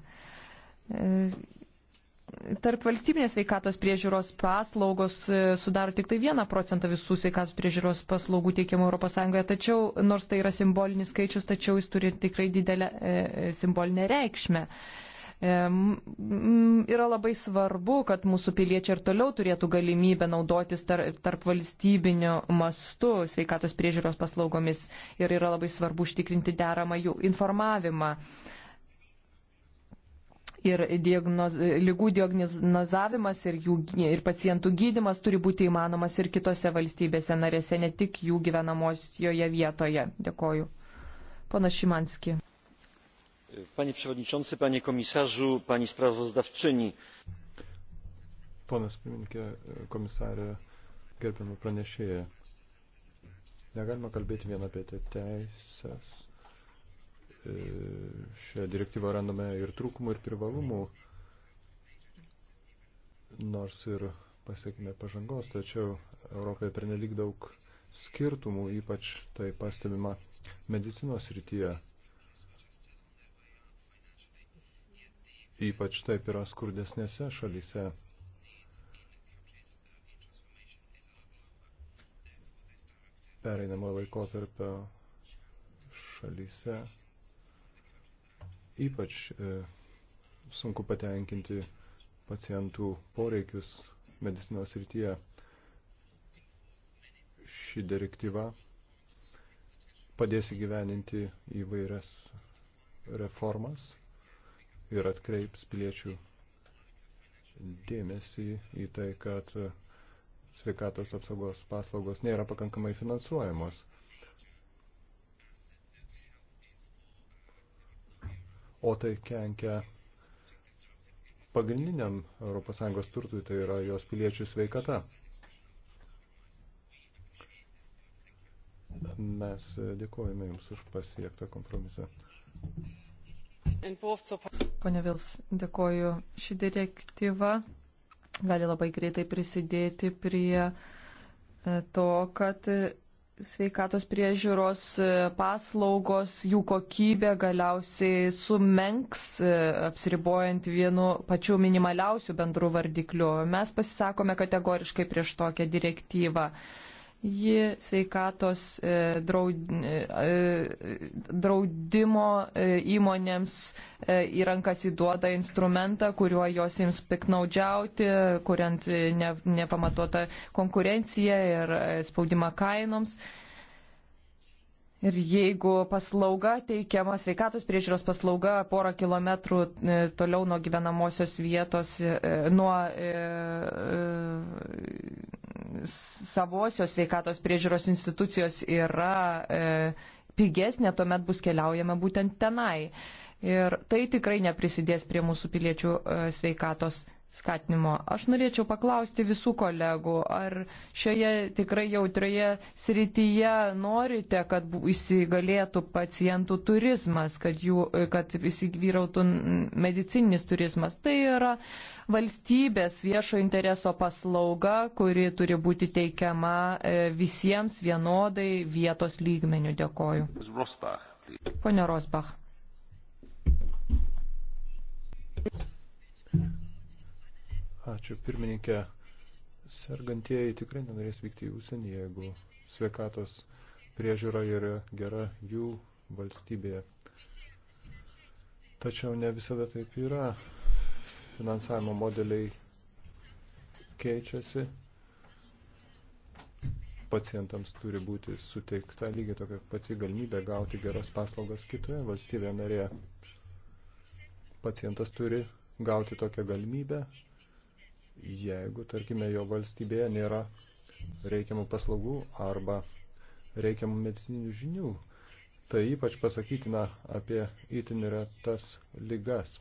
Speaker 3: E, tarp valstybinės sveikatos priežiūros paslaugos e, sudaro tik tai 1 procentą visų sveikatos priežiūros paslaugų teikiamų ES, tačiau nors tai yra simbolinis skaičius, tačiau jis turi tikrai didelę e, simbolinę reikšmę. E, E, yra labai svarbu, kad mūsų piliečiai ir toliau turėtų galimybę naudotis tarp valstybiniu mastu sveikatos priežiūros paslaugomis ir yra labai svarbu užtikrinti deramą jų informavimą. Ir diagnoz, lygų diagnozavimas ir, jų, ir pacientų gydimas turi būti įmanomas ir kitose valstybėse narėse, ne tik jų gyvenamosioje vietoje. Dėkoju. Pana
Speaker 2: Šimanski. Panie przewodniczący, panie komisarzu, pani sprawozdawczyni. Ponas pirmininkė, komisarė, gerbiamą pranešėją. Negalima kalbėti vien apie teisės. E, šią direktyvą randame ir trūkumų, ir privalumų, nors ir pasiekime pažangos, tačiau Europoje pernelyg daug skirtumų, ypač tai pastebima medicinos rytyje. Ypač taip yra skurdesnėse šalyse. Pereinamo laikotarpio šalyse ypač e, sunku patenkinti pacientų poreikius medicinos rytyje. Ši direktyva padės įgyveninti įvairias reformas ir atkreips piliečių dėmesį į tai, kad sveikatos apsaugos paslaugos nėra pakankamai finansuojamos. O tai kenkia pagrindiniam ES turtui, tai yra jos piliečių sveikata. Mes dėkojame Jums už pasiektą kompromisą.
Speaker 3: Pone Vils, dėkoju. Ši direktyva gali labai greitai prisidėti prie e, to, kad sveikatos priežiūros e, paslaugos, jų kokybė galiausiai sumenks, e, apsiribojant vienu pačiu minimaliausiu bendru vardikliu. Mes pasisakome kategoriškai prieš tokią direktyvą ji sveikatos e, e, e, draudimo įmonėms į rankas įduoda instrumentą, kuriuo jos jums piknaudžiauti, kuriant nepamatuotą konkurenciją ir spaudimą kainoms. Ir jeigu paslauga teikiama, sveikatos priežiūros paslauga porą kilometrų e, toliau nuo gyvenamosios vietos, e, nuo e, e, savosios sveikatos priežiūros institucijos yra e, pigesnė, tuomet bus keliaujama būtent tenai. Ir tai tikrai neprisidės prie mūsų piliečių e, sveikatos skatinimo. Aš norėčiau paklausti visų kolegų, ar šioje tikrai jautrioje srityje norite, kad įsigalėtų pacientų turizmas, kad, jų, kad įsivyrautų medicininis turizmas. Tai yra valstybės viešo intereso paslauga, kuri turi būti teikiama e, visiems vienodai vietos lygmenių. Dėkoju. Pone Rosbach.
Speaker 2: Ačiū, pirmininkė. Sergantieji tikrai nenorės vykti į užsienį, jeigu sveikatos priežiūra yra gera jų valstybėje. Tačiau ne visada taip yra. Finansavimo modeliai keičiasi. Pacientams turi būti suteikta lygiai tokia pati galimybė gauti geras paslaugas kitoje valstybėje narėje. Pacientas turi gauti tokią galimybę, jeigu, tarkime, jo valstybėje nėra reikiamų paslaugų arba reikiamų medicininių žinių. Tai ypač pasakytina apie itin retas lygas.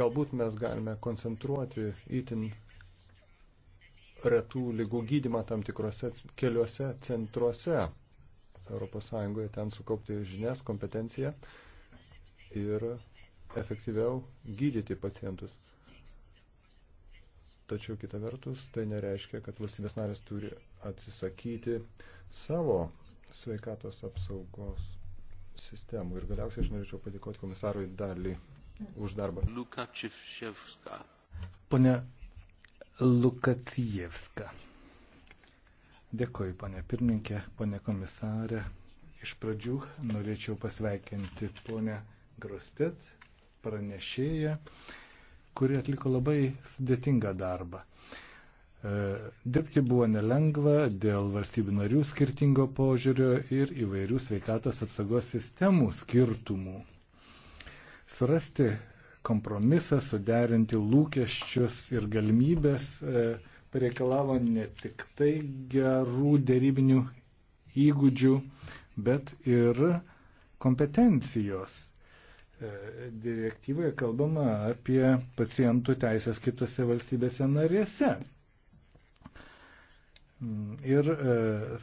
Speaker 2: Galbūt mes galime koncentruoti itin retų lygų gydimą tam tikrose keliuose centruose ES, ten sukaupti žinias, kompetenciją ir efektyviau gydyti pacientus. Tačiau kita vertus, tai nereiškia, kad valstybės narės turi atsisakyti savo sveikatos apsaugos sistemų. Ir galiausiai aš norėčiau padėkoti komisarui dalį
Speaker 1: už darbą.
Speaker 6: Lukačievska.
Speaker 4: Pone Lukacijevska. Dėkoju, ponė pirmininkė, ponė komisarė. Iš pradžių norėčiau pasveikinti ponę Grostet, pranešėją kuri atliko labai sudėtingą darbą. E, dirbti buvo nelengva dėl valstybių narių skirtingo požiūrio ir įvairių sveikatos apsaugos sistemų skirtumų. Surasti kompromisą, suderinti lūkesčius ir galimybės e, pareikalavo ne tik tai gerų dėrybinių įgūdžių, bet ir kompetencijos E, direktyvoje kalbama apie pacientų teisės kitose valstybėse narėse. Mm, ir e,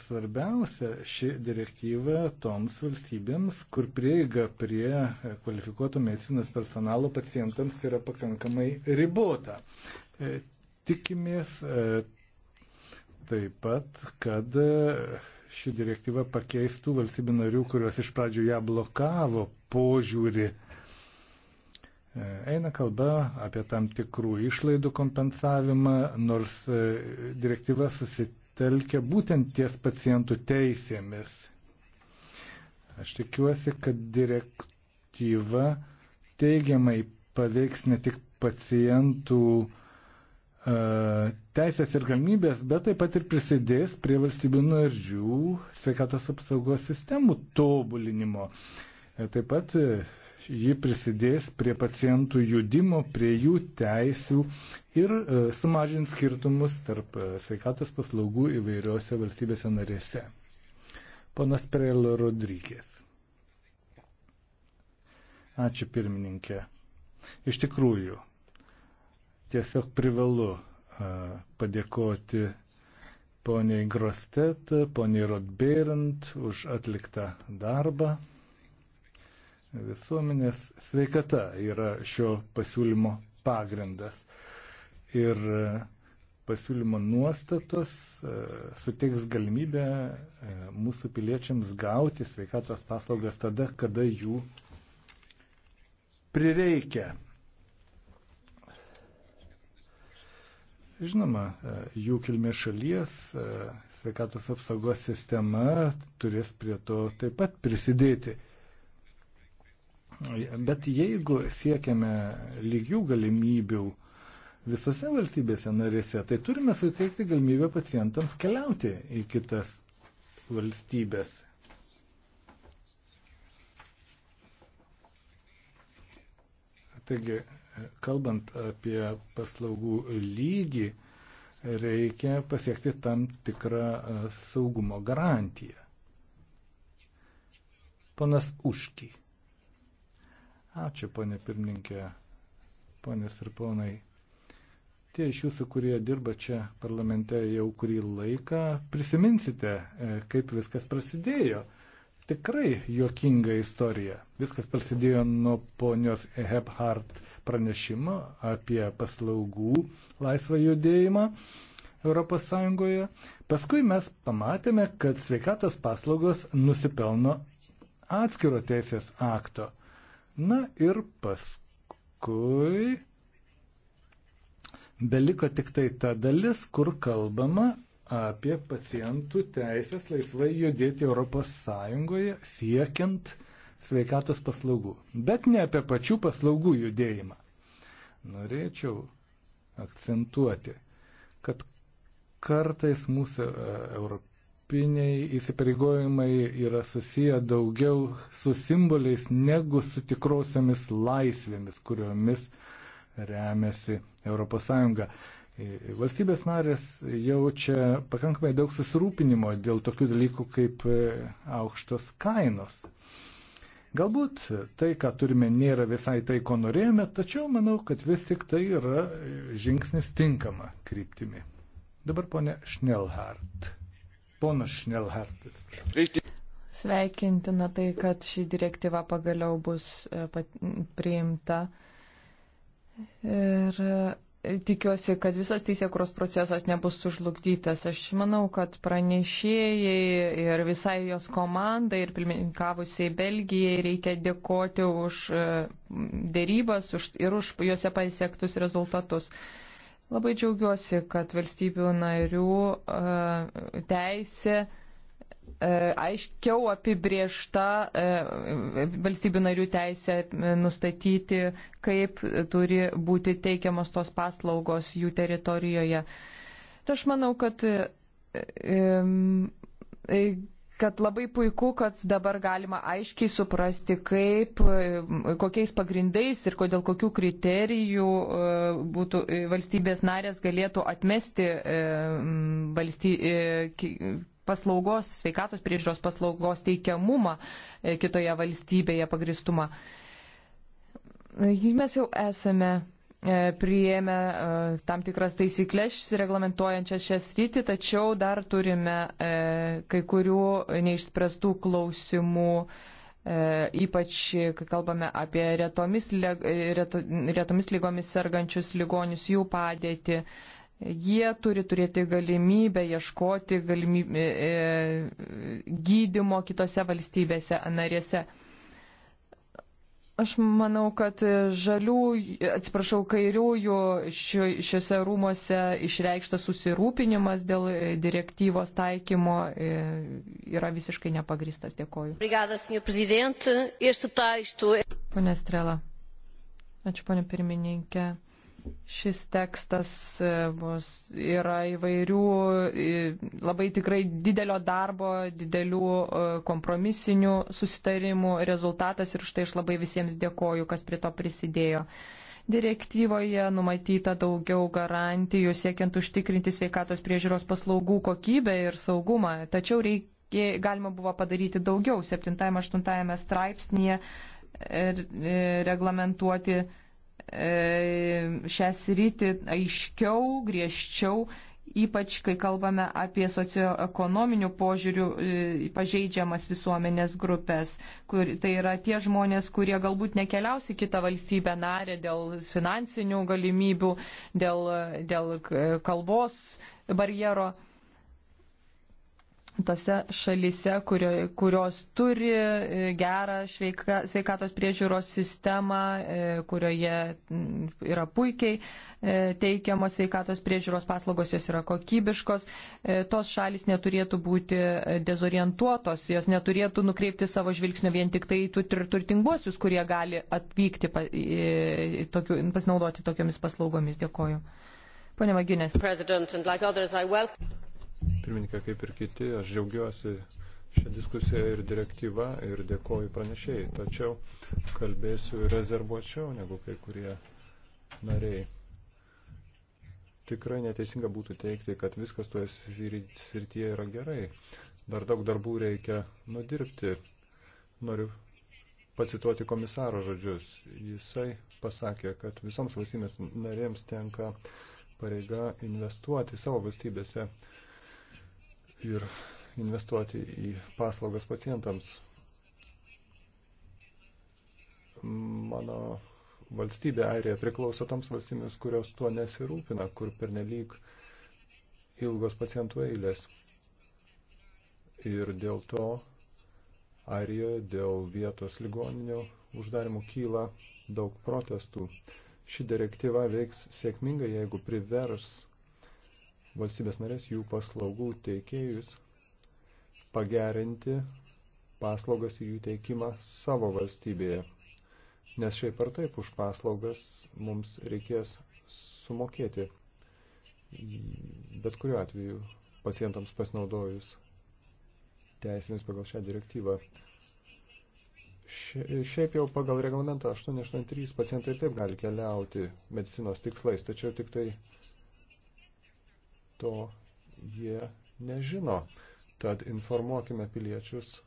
Speaker 4: svarbiausia, ši direktyva toms valstybėms, kur prieiga prie e, kvalifikuoto medicinos personalo pacientams yra pakankamai ribota. E, tikimės e, taip pat, kad e, ši direktyva pakeistų valstybių narių, kurios iš pradžių ją blokavo požiūrį e, Eina kalba apie tam tikrų išlaidų kompensavimą, nors e, direktyva susitelkia būtent ties pacientų teisėmis. Aš tikiuosi, kad direktyva teigiamai paveiks ne tik pacientų e, teisės ir galimybės, bet taip pat ir prisidės prie valstybių narių sveikatos apsaugos sistemų tobulinimo. E, taip pat ji prisidės prie pacientų judimo, prie jų teisių ir e, sumažins skirtumus tarp e, sveikatos paslaugų įvairiose valstybėse narėse. Panas Prelo Rodrygės. Ačiū pirmininkė. Iš tikrųjų, tiesiog privalu e, padėkoti poniai Grostet, poniai Rodbėrint už atliktą darbą. Visuomenės sveikata yra šio pasiūlymo pagrindas. Ir e, pasiūlymo nuostatos e, suteiks galimybę e, mūsų piliečiams gauti sveikatos paslaugas tada, kada jų prireikia. Žinoma, jų kilmės šalies sveikatos apsaugos sistema turės prie to taip pat prisidėti. Bet jeigu siekiame lygių galimybių visose valstybėse narėse, tai turime suteikti galimybę pacientams keliauti į kitas valstybės. Taigi, kalbant apie paslaugų lygį, reikia pasiekti tam tikrą e, saugumo garantiją. Ponas Užky. Ačiū, ponė pirmininkė, ponės ir ponai. Tie iš jūsų, kurie dirba čia parlamente jau kurį laiką, prisiminsite, e, kaip viskas prasidėjo. Tikrai juokinga istorija. Viskas prasidėjo nuo ponios Hebhardt pranešimo apie paslaugų laisvą judėjimą. ES. Paskui mes pamatėme, kad sveikatos paslaugos nusipelno atskiro teisės akto. Na ir paskui beliko tik tai ta dalis, kur kalbama apie pacientų teisės laisvai judėti ES siekiant sveikatos paslaugų, bet ne apie pačių paslaugų judėjimą. Norėčiau akcentuoti, kad kartais mūsų e, europiniai įsipareigojimai yra susiję daugiau su simboliais negu su tikrosiamis laisvėmis, kuriomis remiasi ES. E, valstybės narės jaučia pakankamai daug susirūpinimo dėl tokių dalykų kaip e, aukštos kainos. Galbūt tai, ką turime, nėra visai tai, ko norėjome, tačiau manau, kad vis tik tai yra e, žingsnis tinkama kryptimi. Dabar ponė Schnellhardt. Ponas Šnelhartas.
Speaker 3: Sveikintina tai, kad ši direktyva pagaliau bus e, priimta. Ir e, tikiuosi, kad visas teisėkuros procesas nebus sužlugdytas. Aš manau, kad pranešėjai ir visai jos komandai ir pirmininkavusiai Belgijai reikia dėkoti už e, dėrybas už, ir už juose pasiektus rezultatus. Labai džiaugiuosi, kad valstybių narių e, teisė e, aiškiau apibriešta e, valstybių narių teisė nustatyti, kaip turi būti teikiamos tos paslaugos jų teritorijoje. Aš manau, kad kad labai puiku, kad dabar galima aiškiai suprasti, kaip, kokiais pagrindais ir kodėl kokių kriterijų e, būtų e, valstybės narės galėtų atmesti e, valsty, paslaugos, sveikatos priežiūros paslaugos teikiamumą kitoje valstybėje pagristumą. Mes jau esame E, priėmė e, tam tikras taisyklės reglamentuojančias šią sritį, tačiau dar turime e, kai kurių neišspręstų klausimų, ypač kai kalbame apie retomis, reto, retomis lygomis sergančius ligonius, jų padėtį. Jie turi turėti galimybę ieškoti galimybę, gydimo kitose valstybėse narėse. Aš manau, kad žalių, atsiprašau, kairiųjų šio, šiuose rūmose išreikštas susirūpinimas dėl direktyvos taikymo e, yra visiškai nepagristas. Dėkoju. Pane Strela. Ačiū, pane pirmininkė. Šis tekstas e, bus, yra įvairių, e, labai tikrai didelio darbo, didelių e, kompromisinių susitarimų rezultatas ir štai aš labai visiems dėkoju, kas prie to prisidėjo direktyvoje numatyta daugiau garantijų siekiant užtikrinti sveikatos priežiūros paslaugų kokybę ir saugumą. Tačiau reikia, galima buvo padaryti daugiau 7-8 straipsnėje reglamentuoti E, šią sritį aiškiau, griežčiau, ypač kai kalbame apie socioekonominių požiūrių e, pažeidžiamas visuomenės grupės. Kur, tai yra tie žmonės, kurie galbūt nekeliaus į kitą valstybę narę dėl finansinių galimybių, dėl, dėl kalbos barjero tose šalyse, kurio, kurios turi e, gerą šveika, sveikatos priežiūros sistemą, e, kurioje mm, yra puikiai e, teikiamos sveikatos priežiūros paslaugos, jos yra kokybiškos, tos šalis neturėtų būti dezorientuotos, jos neturėtų nukreipti savo žvilgsnio vien tik tai turtinguosius, kurie gali atvykti pasinaudoti tokiomis paslaugomis. Dėkoju. Pone Maginės.
Speaker 2: Pirmininkai, kaip ir kiti, aš džiaugiuosi šią diskusiją ir direktyvą ir dėkoju pranešėjai. Tačiau kalbėsiu rezervuočiau negu kai kurie nariai. Tikrai neteisinga būtų teikti, kad viskas toje srityje yra gerai. Dar daug darbų reikia nudirbti. Noriu pacituoti komisaro žodžius. Jisai pasakė, kad visoms valstybės narėms tenka pareiga investuoti savo valstybėse ir investuoti į paslaugas pacientams. Mano valstybė Airija priklauso toms valstybėms, kurios tuo nesirūpina, kur pernelyg ilgos pacientų eilės. Ir dėl to Airijoje dėl vietos ligoninių uždarimų kyla daug protestų. Ši direktyva veiks sėkmingai, jeigu privers valstybės narės, jų paslaugų teikėjus pagerinti paslaugas į jų teikimą savo valstybėje. Nes šiaip ar taip už paslaugas mums reikės sumokėti. Bet kuriuo atveju pacientams pasinaudojus teisėmis pagal šią direktyvą. Šiaip jau pagal reglamentą 883 pacientai taip gali keliauti medicinos tikslais, tačiau tik tai to jie nežino. Tad informuokime piliečius,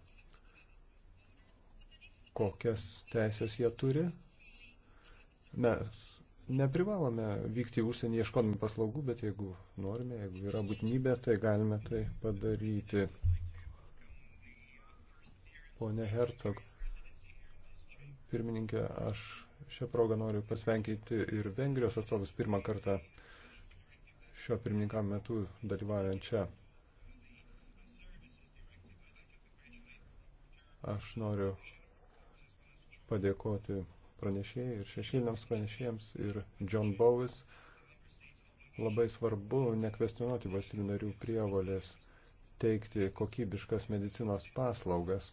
Speaker 2: kokias teisės jie turi. Mes neprivalome vykti į užsienį ieškodami paslaugų, bet jeigu norime, jeigu yra būtinybė, tai galime tai padaryti. Pone Hercog, pirmininkė, aš šią progą noriu pasvenkinti ir Vengrijos atstovus pirmą kartą šio pirmininkam metu dalyvaujant čia. Aš noriu padėkoti pranešėjai ir šešiliniams pranešėjams ir John Bowis. Labai svarbu nekvestionuoti valstybių narių prievolės teikti kokybiškas medicinos paslaugas.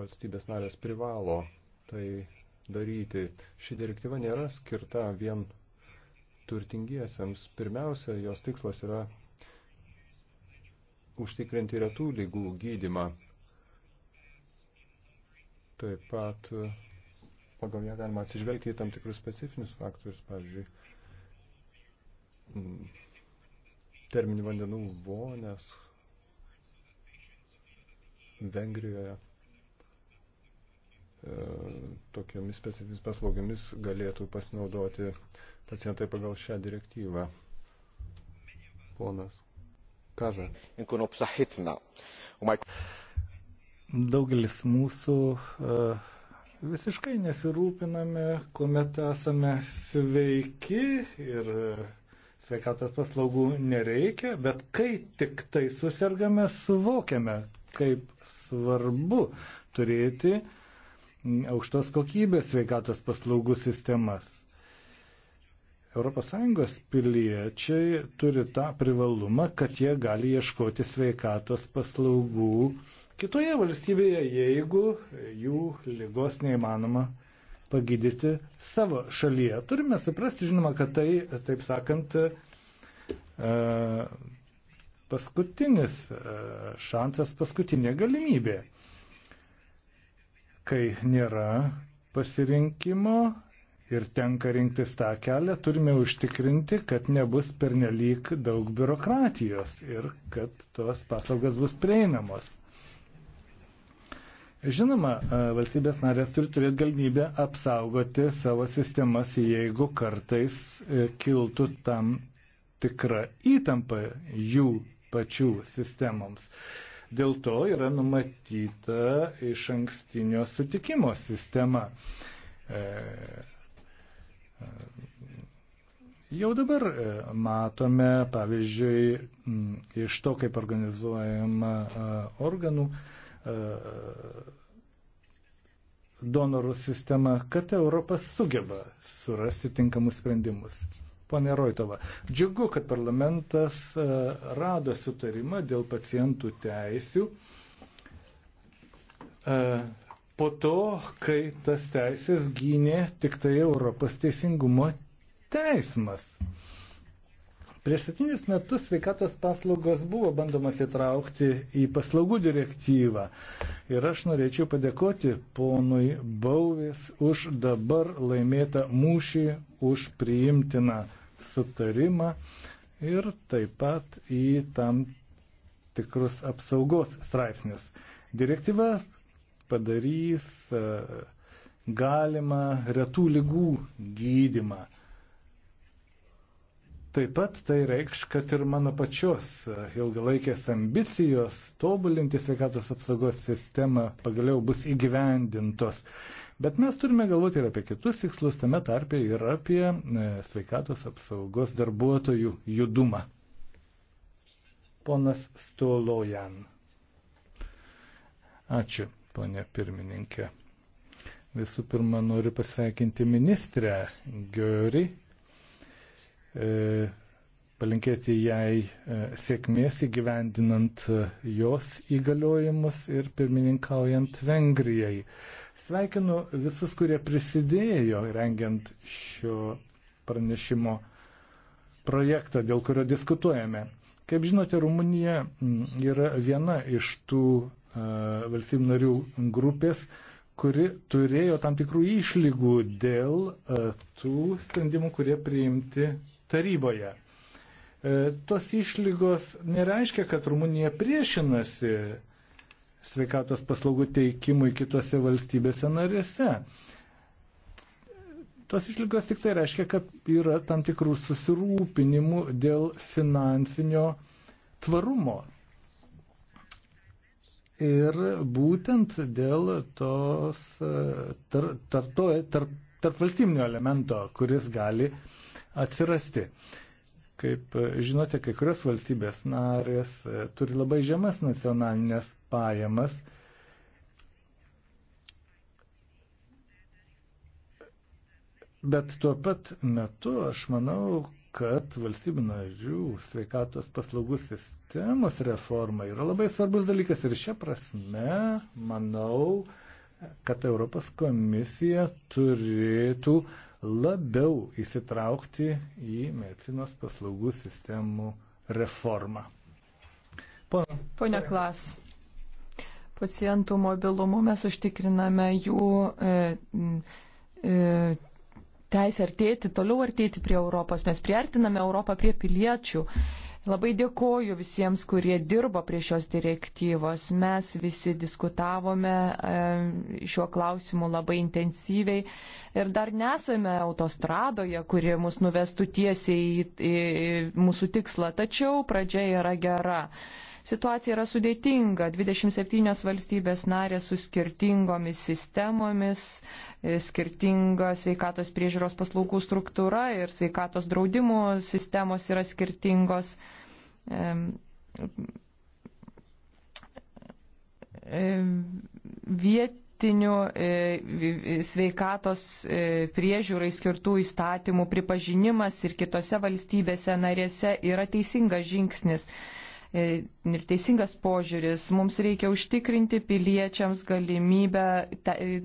Speaker 2: Valstybės narės privalo tai daryti. Ši direktyva nėra skirta vien turtingiesiams. Pirmiausia, jos tikslas yra užtikrinti retų lygų gydimą. Taip pat pagal ją galima atsižvelgti į tam tikrus specifinius faktorius, pavyzdžiui, terminių vandenų vonės Vengrijoje e, tokiomis specifinėmis paslaugomis galėtų pasinaudoti uh, pacientai pagal šią direktyvą. Ponas
Speaker 1: Kaza.
Speaker 4: Daugelis mūsų e, visiškai nesirūpiname, kuomet esame sveiki ir e, sveikatos paslaugų nereikia, bet kai tik tai susirgame, suvokiame, kaip svarbu turėti aukštos kokybės sveikatos paslaugų sistemas. ES piliečiai turi tą privalumą, kad jie gali ieškoti sveikatos paslaugų kitoje valstybėje, jeigu jų lygos neįmanoma pagydyti savo šalyje. Turime suprasti, žinoma, kad tai, taip sakant, e, paskutinis e, šansas, paskutinė galimybė. Kai nėra pasirinkimo, ir tenka rinktis tą kelią, turime užtikrinti, kad nebus pernelyg daug biurokratijos ir kad tos paslaugas bus prieinamos. Žinoma, valstybės narės turi turėti galimybę apsaugoti savo sistemas, jeigu kartais e, kiltų tam tikra įtampa jų pačių sistemoms. Dėl to yra numatyta iš ankstinio sutikimo sistema. E, Jau dabar e, matome, pavyzdžiui, iš to, kaip organizuojama e, organų e, donorų sistema, kad Europas sugeba surasti tinkamus sprendimus. Pone Roitova, džiugu, kad parlamentas rado sutarimą dėl pacientų teisių po to, kai tas teisės gynė tik tai Europos teisingumo teismas. Prieš septynius metus sveikatos paslaugos buvo bandomas įtraukti į paslaugų direktyvą. Ir aš norėčiau padėkoti ponui Bauvis už dabar laimėtą mūšį, už priimtiną sutarimą ir taip pat į tam tikrus apsaugos straipsnius. Direktyva padarys e, galima retų lygų gydimą. Taip pat tai reikš, kad ir mano pačios e, ilgalaikės ambicijos tobulinti sveikatos apsaugos sistemą pagaliau bus įgyvendintos. Bet mes turime galvoti ir apie kitus tikslus, tame tarpe ir apie e, sveikatos apsaugos darbuotojų judumą. Ponas Stolojan. Ačiū ponė pirmininkė. Visų pirma, noriu pasveikinti ministrę Giori, e, palinkėti jai e, sėkmės įgyvendinant e, jos įgaliojimus ir pirmininkaujant Vengrijai. Sveikinu visus, kurie prisidėjo rengiant šio pranešimo projektą, dėl kurio diskutuojame. Kaip žinote, Rumunija yra viena iš tų E, valstybių narių grupės, kuri turėjo tam tikrų išlygų dėl e, tų sprendimų, kurie priimti taryboje. E, tos išlygos nereiškia, kad Rumunija priešinasi sveikatos paslaugų teikimui kitose valstybėse narėse. Tos išlygos tik tai reiškia, kad yra tam tikrų susirūpinimų dėl finansinio tvarumo Ir būtent dėl tos e, tar, tar, to, tarp, tarp valstybinio elemento, kuris gali atsirasti. Kaip e, žinote, kai kurios valstybės narės e, turi labai žemas nacionalinės pajamas. Bet tuo pat metu aš manau, kad valstybių narių sveikatos paslaugų sistemos reforma yra labai svarbus dalykas ir šia prasme manau, kad Europos komisija turėtų labiau įsitraukti į medicinos paslaugų sistemų reformą.
Speaker 3: Pone, Pone Klas, pacientų mobilumu mes užtikriname jų e, e, teisę artėti, toliau artėti prie Europos. Mes priartiname Europą prie piliečių. Labai dėkoju visiems, kurie dirbo prie šios direktyvos. Mes visi diskutavome e, šiuo klausimu labai intensyviai ir dar nesame autostradoje, kuri mus nuvestų tiesiai į, į, į mūsų tikslą, tačiau pradžia yra gera. Situacija yra sudėtinga. 27 valstybės narės su skirtingomis sistemomis, e, skirtinga sveikatos priežiūros paslaugų struktūra ir sveikatos draudimų sistemos yra skirtingos. E, Viet, nuolatinių e, sveikatos priežiūrai skirtų įstatymų pripažinimas ir kitose valstybėse narėse yra teisingas žingsnis. E, ir teisingas požiūris. Mums reikia užtikrinti piliečiams galimybę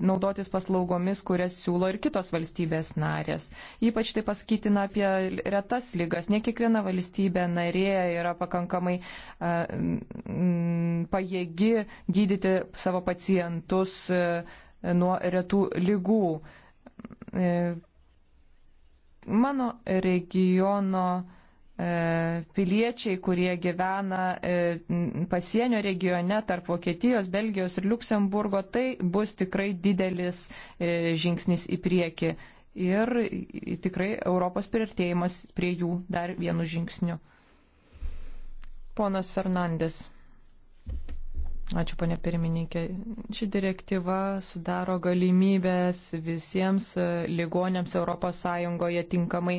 Speaker 3: naudotis paslaugomis, kurias siūlo ir kitos valstybės narės. Ypač tai pasakytina apie retas lygas. Ne kiekviena valstybė narė yra pakankamai e, pajėgi gydyti savo pacientus e, nuo retų lygų. Mano regiono E, piliečiai, kurie gyvena e, pasienio regione tarp Vokietijos, Belgijos ir Luksemburgo, tai bus tikrai didelis e, žingsnis į priekį ir tikrai Europos priartėjimas prie jų dar vienu žingsniu. Ponas Fernandes. Ačiū, ponė pirmininkė. Ši direktyva sudaro galimybės visiems ligonėms ES tinkamai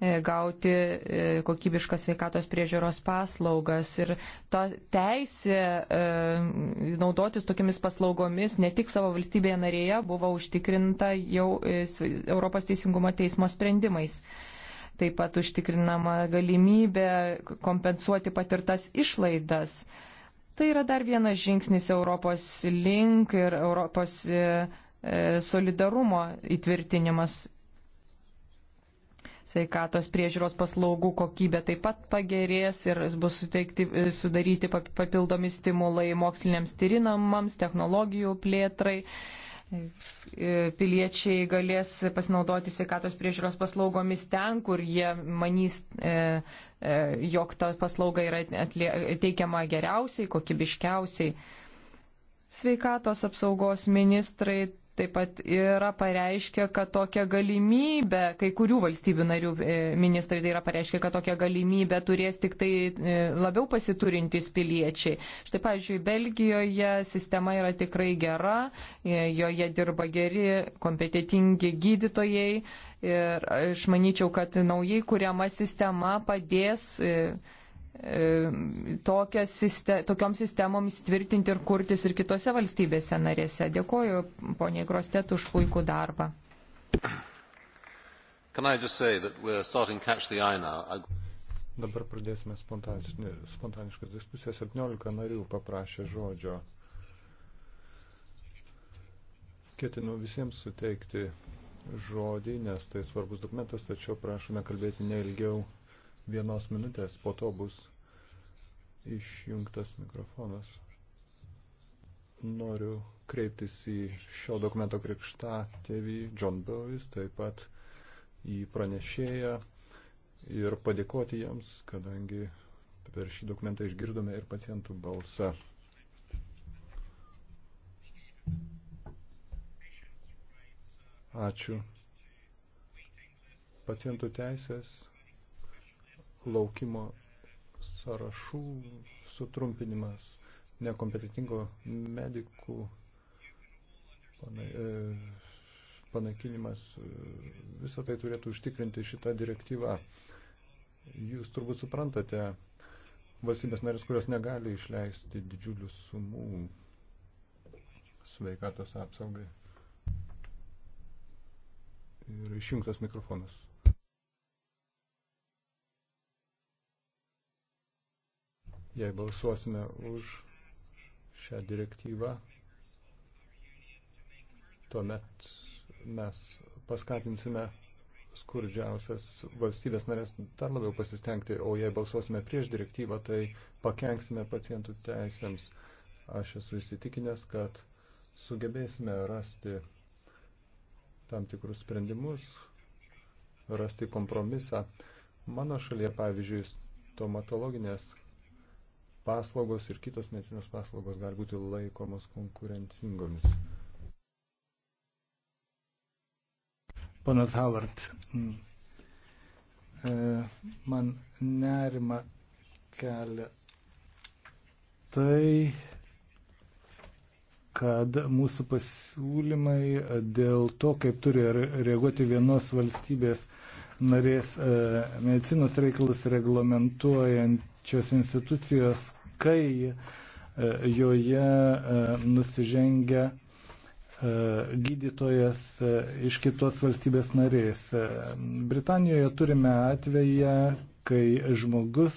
Speaker 3: E, gauti e, kokybiškas sveikatos priežiūros paslaugas. Ir ta teisė e, naudotis tokiamis paslaugomis ne tik savo valstybėje narėje buvo užtikrinta jau Europos teisingumo teismo sprendimais taip pat užtikrinama galimybė kompensuoti patirtas išlaidas. Tai yra dar vienas žingsnis Europos link ir Europos solidarumo įtvirtinimas sveikatos priežiūros paslaugų kokybė taip pat pagerės ir bus suteikti, sudaryti papildomi stimulai moksliniams tyrinamams, technologijų plėtrai. E, piliečiai galės pasinaudoti sveikatos priežiūros paslaugomis ten, kur jie manys, e, e, jog ta paslauga yra atlie, teikiama geriausiai, kokybiškiausiai. Sveikatos apsaugos ministrai taip pat yra pareiškę, kad tokia galimybė, kai kurių valstybių narių e, ministrai tai yra pareiškę, kad tokia galimybė turės tik tai e, labiau pasiturintys piliečiai. Štai, pavyzdžiui, Belgijoje sistema yra tikrai gera, e, joje dirba geri, kompetitingi gydytojai ir aš manyčiau, kad naujai kuriama sistema padės E, sistem, tokiom sistemom įtvirtinti ir kurtis ir kitose valstybėse narėse. Dėkoju poniai Grostet už puikų darbą.
Speaker 2: Dabar pradėsime
Speaker 1: spontaniškas diskusijas.
Speaker 2: 17 narių paprašė žodžio. Ketinu visiems suteikti žodį, nes tai svarbus dokumentas, tačiau prašome kalbėti neilgiau vienos minutės, po to bus išjungtas mikrofonas. Noriu kreiptis į šio dokumento krikštą tėvį John Bovis, taip pat į pranešėją ir padėkoti jiems, kadangi per šį dokumentą išgirdome ir pacientų balsą. Ačiū. Pacientų teisės laukimo sąrašų sutrumpinimas, nekompetitingo medikų e, panaikinimas, e, visą tai turėtų užtikrinti šitą direktyvą. Jūs turbūt suprantate, valstybės narės, kurios negali išleisti didžiulių sumų sveikatos apsaugai. Ir išjungtas mikrofonas. jei balsuosime už šią direktyvą, tuomet mes paskatinsime skurdžiausias valstybės narės dar labiau pasistengti, o jei balsuosime prieš direktyvą, tai pakenksime pacientų teisėms. Aš esu įsitikinęs, kad sugebėsime rasti tam tikrus sprendimus, rasti kompromisą. Mano šalyje, pavyzdžiui, stomatologinės paslaugos ir kitos medicinos paslaugos gali būti laikomos konkurencingomis.
Speaker 4: Panas Howard, mm, e, man nerima kelia tai, kad mūsų pasiūlymai dėl to, kaip turi reaguoti vienos valstybės narės e, medicinos reikalus reglamentuojant pačios institucijos, kai e, joje e, nusižengia e, gydytojas iš kitos valstybės narės. Britanijoje turime atveją, kai žmogus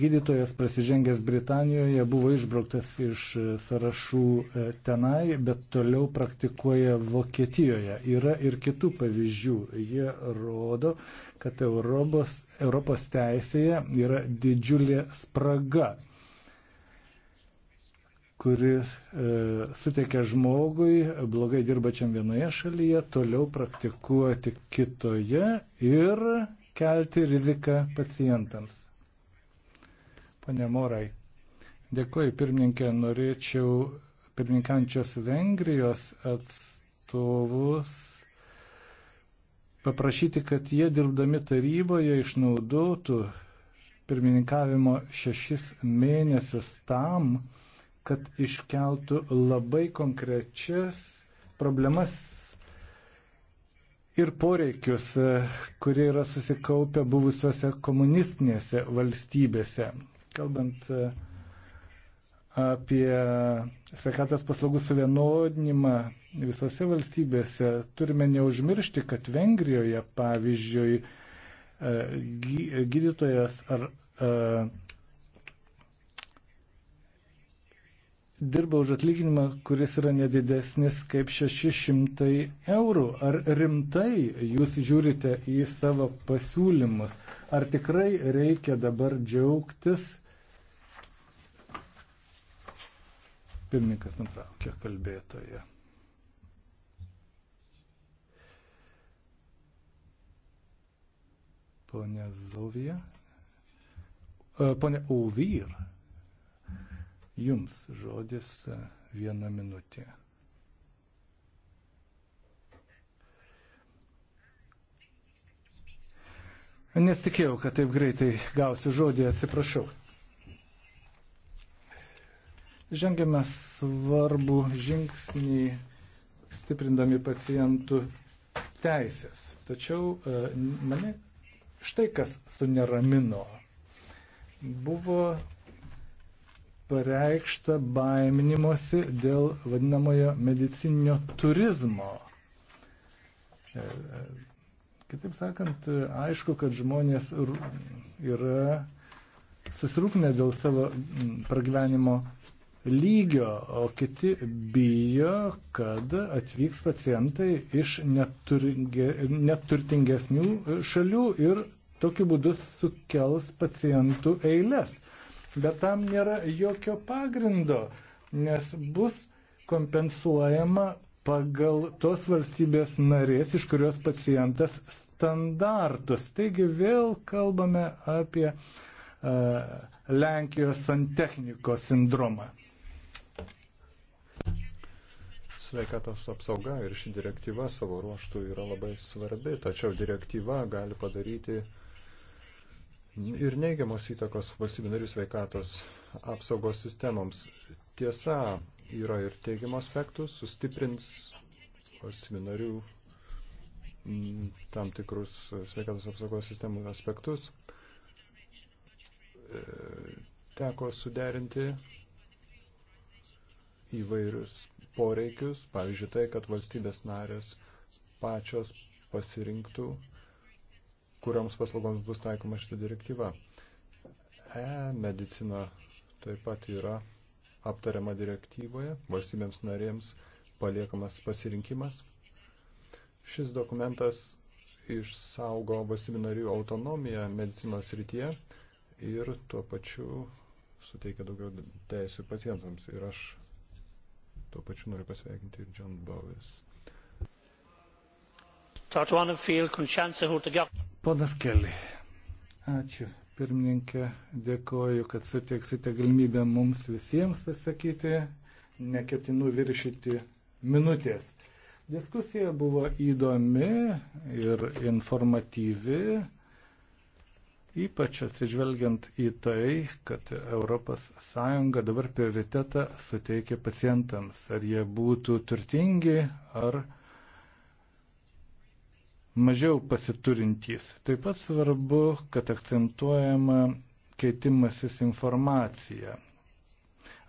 Speaker 4: Gydytojas prasižengęs Britanijoje buvo išbrauktas iš e, sąrašų e, tenai, bet toliau praktikuoja Vokietijoje. Yra ir kitų pavyzdžių. Jie rodo, kad Europos, Europos teisėje yra didžiulė spraga kuris e, suteikia žmogui, blogai dirbačiam vienoje šalyje, toliau praktikuoti kitoje ir kelti riziką pacientams. Pane Morai, dėkuoju pirmininkė, norėčiau pirmininkančios Vengrijos atstovus paprašyti, kad jie dirbdami taryboje išnaudotų pirmininkavimo šešis mėnesius tam, kad iškeltų labai konkrečias problemas ir poreikius, kurie yra susikaupę buvusiuose komunistinėse valstybėse. Kalbant e, apie sveikatos paslaugų suvienodinimą visose valstybėse, turime neužmiršti, kad Vengrijoje, pavyzdžiui, e, gydytojas ar e, dirba už atlyginimą, kuris yra nedidesnis kaip 600 eurų. Ar rimtai jūs žiūrite į savo pasiūlymus? Ar tikrai reikia dabar džiaugtis Pirmininkas nutraukė kalbėtoje. Pone Zovija. E, pone Uvyr, jums žodis e, vieną minutę. Nesitikėjau, kad taip greitai gausiu žodį, atsiprašau. Žengėme svarbų žingsnį stiprindami pacientų teisės. Tačiau e, mane štai kas suneramino. Buvo pareikšta baiminimosi dėl vadinamojo medicininio turizmo. E, e, kitaip sakant, aišku, kad žmonės yra susirūpinę dėl savo pragyvenimo lygio, o kiti bijo, kad atvyks pacientai iš neturtingesnių šalių ir tokiu būdu sukels pacientų eilės. Bet tam nėra jokio pagrindo, nes bus kompensuojama pagal tos valstybės narės, iš kurios pacientas standartus. Taigi vėl kalbame apie uh, Lenkijos santechnikos sindromą sveikatos
Speaker 2: apsauga ir ši direktyva savo ruoštų yra labai svarbi, tačiau direktyva gali padaryti ir neigiamos įtakos valstybių narių sveikatos apsaugos sistemoms. Tiesa, yra ir teigiamų aspektų, sustiprins valstybių narių mm, tam tikrus sveikatos apsaugos sistemų aspektus. E, teko suderinti įvairius poreikius, pavyzdžiui tai, kad valstybės narės pačios pasirinktų, kurioms paslaugoms bus taikoma šitą direktyvą. E-medicina taip pat yra aptariama direktyvoje, valstybėms narėms paliekamas pasirinkimas. Šis dokumentas išsaugo valstybių narių autonomiją medicinos rytyje ir tuo pačiu suteikia daugiau teisų pacientams. Ir aš Tuo pačiu noriu pasveikinti ir John
Speaker 4: Bowis. Ponas Kelly. Ačiū. Pirmininkė, dėkoju, kad suteiksite galimybę mums visiems pasakyti. Neketinu viršyti minutės. Diskusija buvo įdomi ir informatyvi ypač atsižvelgiant į tai, kad ES dabar prioritetą suteikia pacientams, ar jie būtų turtingi ar mažiau pasiturintys. Taip pat svarbu, kad akcentuojama keitimasis informacija.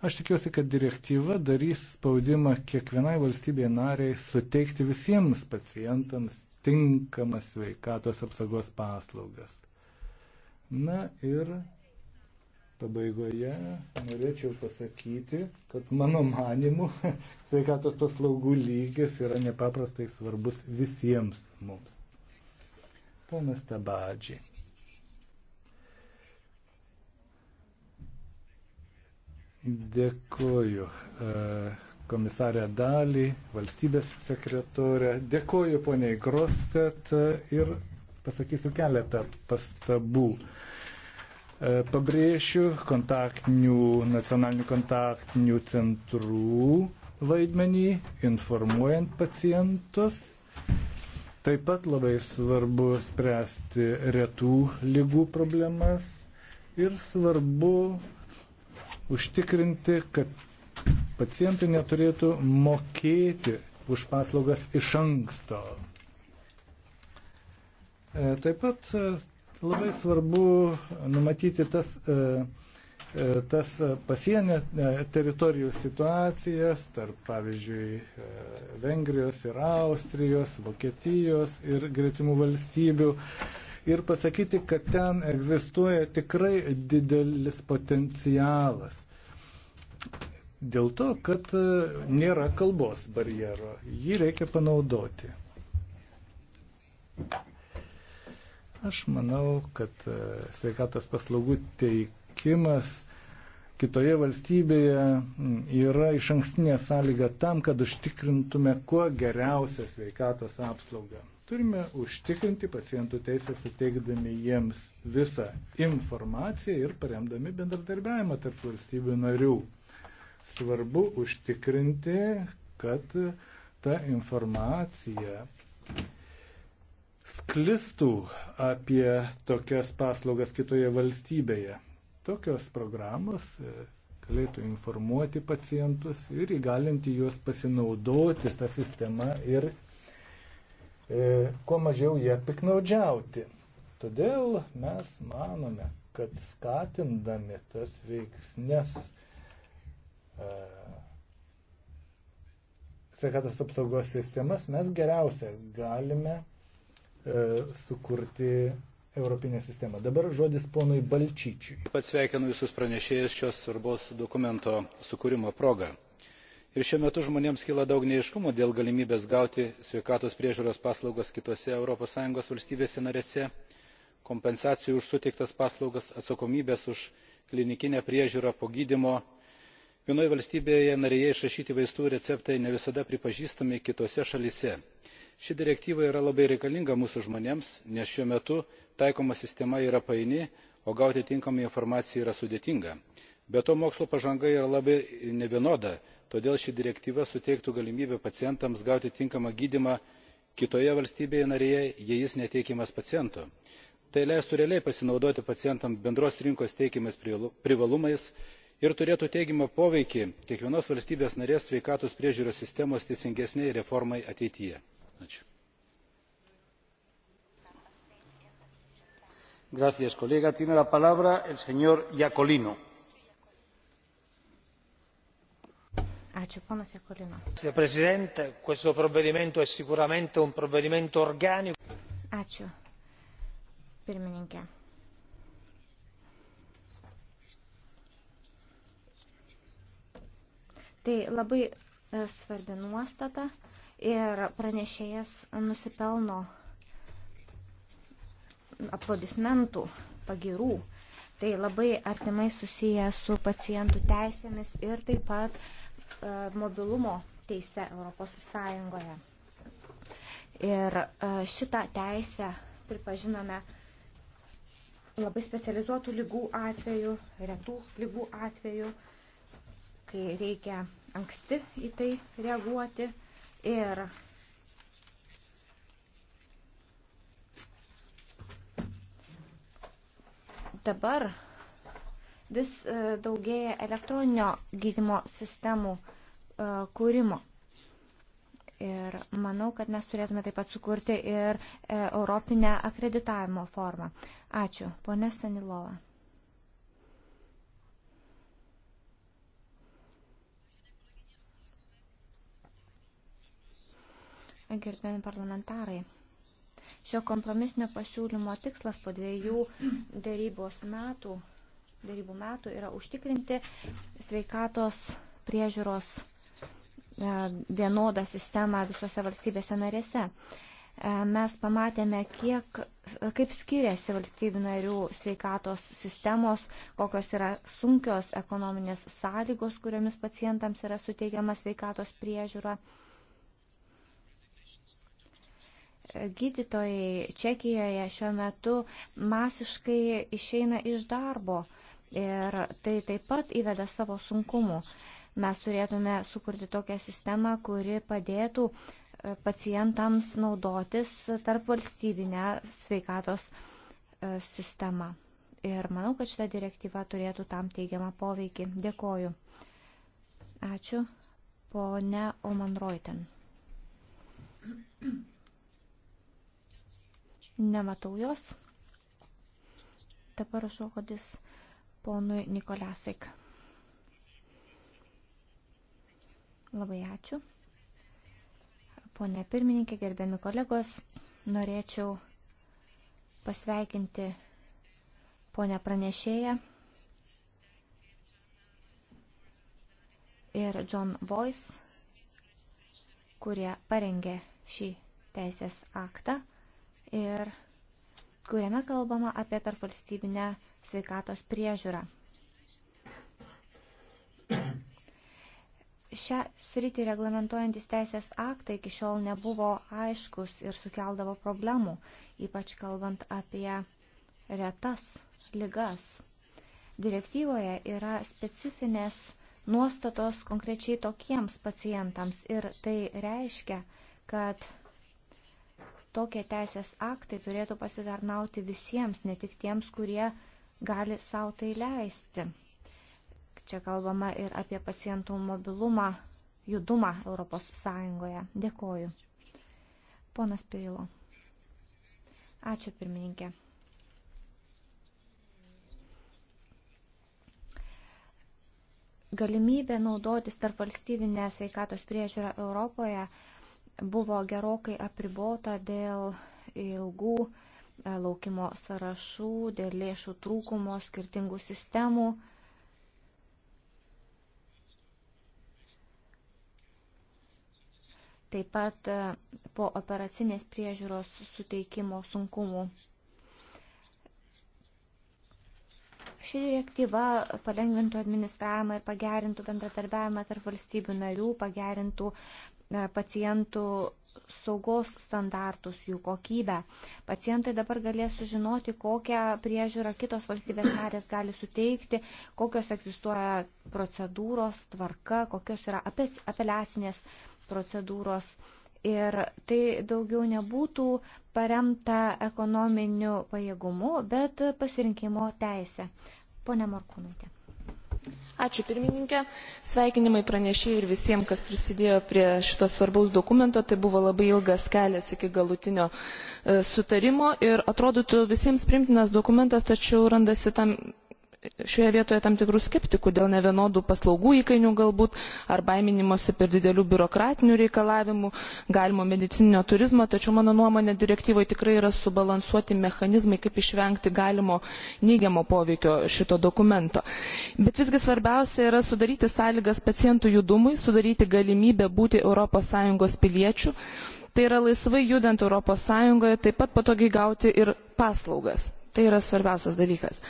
Speaker 4: Aš tikiuosi, kad direktyva darys spaudimą kiekvienai valstybėje nariai suteikti visiems pacientams tinkamas sveikatos apsaugos paslaugas. Na ir pabaigoje norėčiau pasakyti, kad mano manimu [laughs] sveikatos paslaugų lygis yra nepaprastai svarbus visiems mums. Ponas Tabadžiai. Dėkoju e, komisarė Dalį, valstybės sekretorę, dėkoju poniai Grostet ir pasakysiu keletą pastabų. E, pabrėšiu kontaktinių, nacionalinių kontaktinių centrų vaidmenį, informuojant pacientus. Taip pat labai svarbu spręsti retų lygų problemas ir svarbu užtikrinti, kad pacientai neturėtų mokėti už paslaugas iš anksto. E, taip pat e, labai svarbu numatyti tas, e, tas pasienio teritorijų situacijas tarp, pavyzdžiui, Vengrijos ir Austrijos, Vokietijos ir greitimų valstybių. Ir pasakyti, kad ten egzistuoja tikrai didelis potencialas. Dėl to, kad nėra kalbos barjero. Jį reikia panaudoti. Thank you. Aš manau, kad e, sveikatos paslaugų teikimas kitoje valstybėje yra iš ankstinė sąlyga tam, kad užtikrintume kuo geriausią sveikatos apsaugą. Turime užtikrinti pacientų teisę, suteikdami jiems visą informaciją ir paremdami bendradarbiavimą tarp valstybių narių. Svarbu užtikrinti, kad ta informacija sklistų apie tokias paslaugas kitoje valstybėje. Tokios programos e, galėtų informuoti pacientus ir įgalinti juos pasinaudoti tą sistemą ir e, kuo mažiau ją piknaudžiauti. Todėl mes manome, kad skatindami tas veiksnės e, sveikatos apsaugos sistemas mes geriausia galime E, sukurti Europinę sistemą. Dabar žodis ponui Balčyčiui.
Speaker 6: Pats sveikinu visus pranešėjus šios svarbos dokumento sukūrimo progą. Ir šiuo metu žmonėms kyla daug neiškumo dėl galimybės gauti sveikatos priežiūros paslaugas kitose ES valstybėse narėse, kompensacijų už suteiktas paslaugas, atsakomybės už klinikinę priežiūrą po gydymo. Vienoje valstybėje narėje išrašyti vaistų receptai ne visada pripažįstami kitose šalise ši direktyva yra labai reikalinga mūsų žmonėms nes šiuo metu taikoma sistema yra paini o gauti tinkamą informaciją yra sudėtinga. be to mokslo pažanga yra labai nevienoda todėl ši direktyva suteiktų galimybę pacientams gauti tinkamą gydymą kitoje valstybėje narėje jei jis neteikiamas paciento. tai leistų realiai pasinaudoti pacientams bendros rinkos teikiamais privalumais ir turėtų teigiamą poveikį kiekvienos valstybės narės sveikatos priežiūros sistemos teisingesnei reformai ateityje. Ačiū. Gracias, colega. Tiene la palabra el señor Iacolino.
Speaker 5: Ačiū, ponas Iacolino.
Speaker 6: Grazie, Presidente. Questo provvedimento è sicuramente un provvedimento organico.
Speaker 5: Ačiū, pirmininkė. Tai labai e, svarbi nuostata ir pranešėjas nusipelno aplodismentų, pagirų. Tai labai artimai susiję su pacientų teisėmis ir taip pat e, mobilumo teise Europos Sąjungoje. Ir e, šitą teisę pripažinome labai specializuotų lygų atveju, retų lygų atveju, kai reikia anksti į tai reaguoti. Ir dabar vis e, daugėja elektroninio gydimo sistemų e, kūrimo. Ir manau, kad mes turėtume taip pat sukurti ir e, europinę akreditavimo formą. Ačiū, ponė Sanilova. gerbiami parlamentarai. Šio kompromisinio pasiūlymo tikslas po dviejų dėrybos metų, dėrybų metų yra užtikrinti sveikatos priežiūros e, vienodą sistemą visose valstybėse narėse. E, mes pamatėme, kiek, kaip skiriasi valstybių narių sveikatos sistemos, kokios yra sunkios ekonominės sąlygos, kuriomis pacientams yra suteikiama sveikatos priežiūra gydytojai Čekijoje šiuo metu masiškai išeina iš darbo ir tai taip pat įveda savo sunkumų. Mes turėtume sukurti tokią sistemą, kuri padėtų e, pacientams naudotis tarp valstybinę sveikatos e, sistemą. Ir manau, kad šitą direktyvą turėtų tam teigiamą poveikį. Dėkoju. Ačiū. Pone Omanroiten. Thank you. Nematau jos. Dabar žodis ponui Nikolasik. Labai ačiū. Pone pirmininkė, gerbiami kolegos, norėčiau pasveikinti ponę pranešėją ir John Voice, kurie parengė šį teisės aktą ir kuriame kalbama apie tarpvalstybinę sveikatos priežiūrą. Šią sritį reglamentuojantis teisės aktai iki šiol nebuvo aiškus ir sukeldavo problemų, ypač kalbant apie retas ligas. Direktyvoje yra specifinės nuostatos konkrečiai tokiems pacientams ir tai reiškia, kad tokie teisės aktai turėtų pasitarnauti visiems, ne tik tiems, kurie gali savo tai leisti. Čia kalbama ir apie pacientų mobilumą, judumą Europos Sąjungoje. Dėkoju. Ponas Pirilo. Ačiū pirmininkė. Galimybė naudotis tarp valstybinę sveikatos priežiūrą Europoje – buvo gerokai apribota dėl ilgų e, laukimo sąrašų, dėl lėšų trūkumo, skirtingų sistemų. Taip pat e, po operacinės priežiūros suteikimo sunkumų. Ši direktyva palengvintų administravimą ir pagerintų bendradarbiavimą tarp valstybių narių, pagerintų E, pacientų saugos standartus, jų kokybę. Pacientai dabar galės sužinoti, kokią priežiūrą kitos valstybės narės gali suteikti, kokios egzistuoja procedūros, tvarka, kokios yra apeliacinės procedūros. Ir tai daugiau nebūtų paremta ekonominiu pajėgumu, bet pasirinkimo teisė. Pone Morkūnaitė.
Speaker 7: Ačiū pirmininkė, sveikinimai pranešėjai ir visiems, kas prisidėjo prie šito svarbaus dokumento. Tai buvo labai ilgas kelias iki galutinio e, sutarimo ir atrodytų visiems primtinas dokumentas, tačiau randasi tam šioje vietoje tam tikrų skeptikų dėl nevienodų paslaugų įkainių galbūt ar baiminimosi per didelių biurokratinių reikalavimų galimo medicininio turizmo tačiau mano nuomone direktyvoje tikrai yra subalansuoti mechanizmai kaip išvengti galimo neigiamo poveikio šito dokumento bet visgi svarbiausia yra sudaryti sąlygas pacientų judumui sudaryti galimybę būti europos sąjungos piliečiu tai yra laisvai judant europos sąjungoje taip pat patogiai gauti ir paslaugas tai yra svarbiausias dalykas.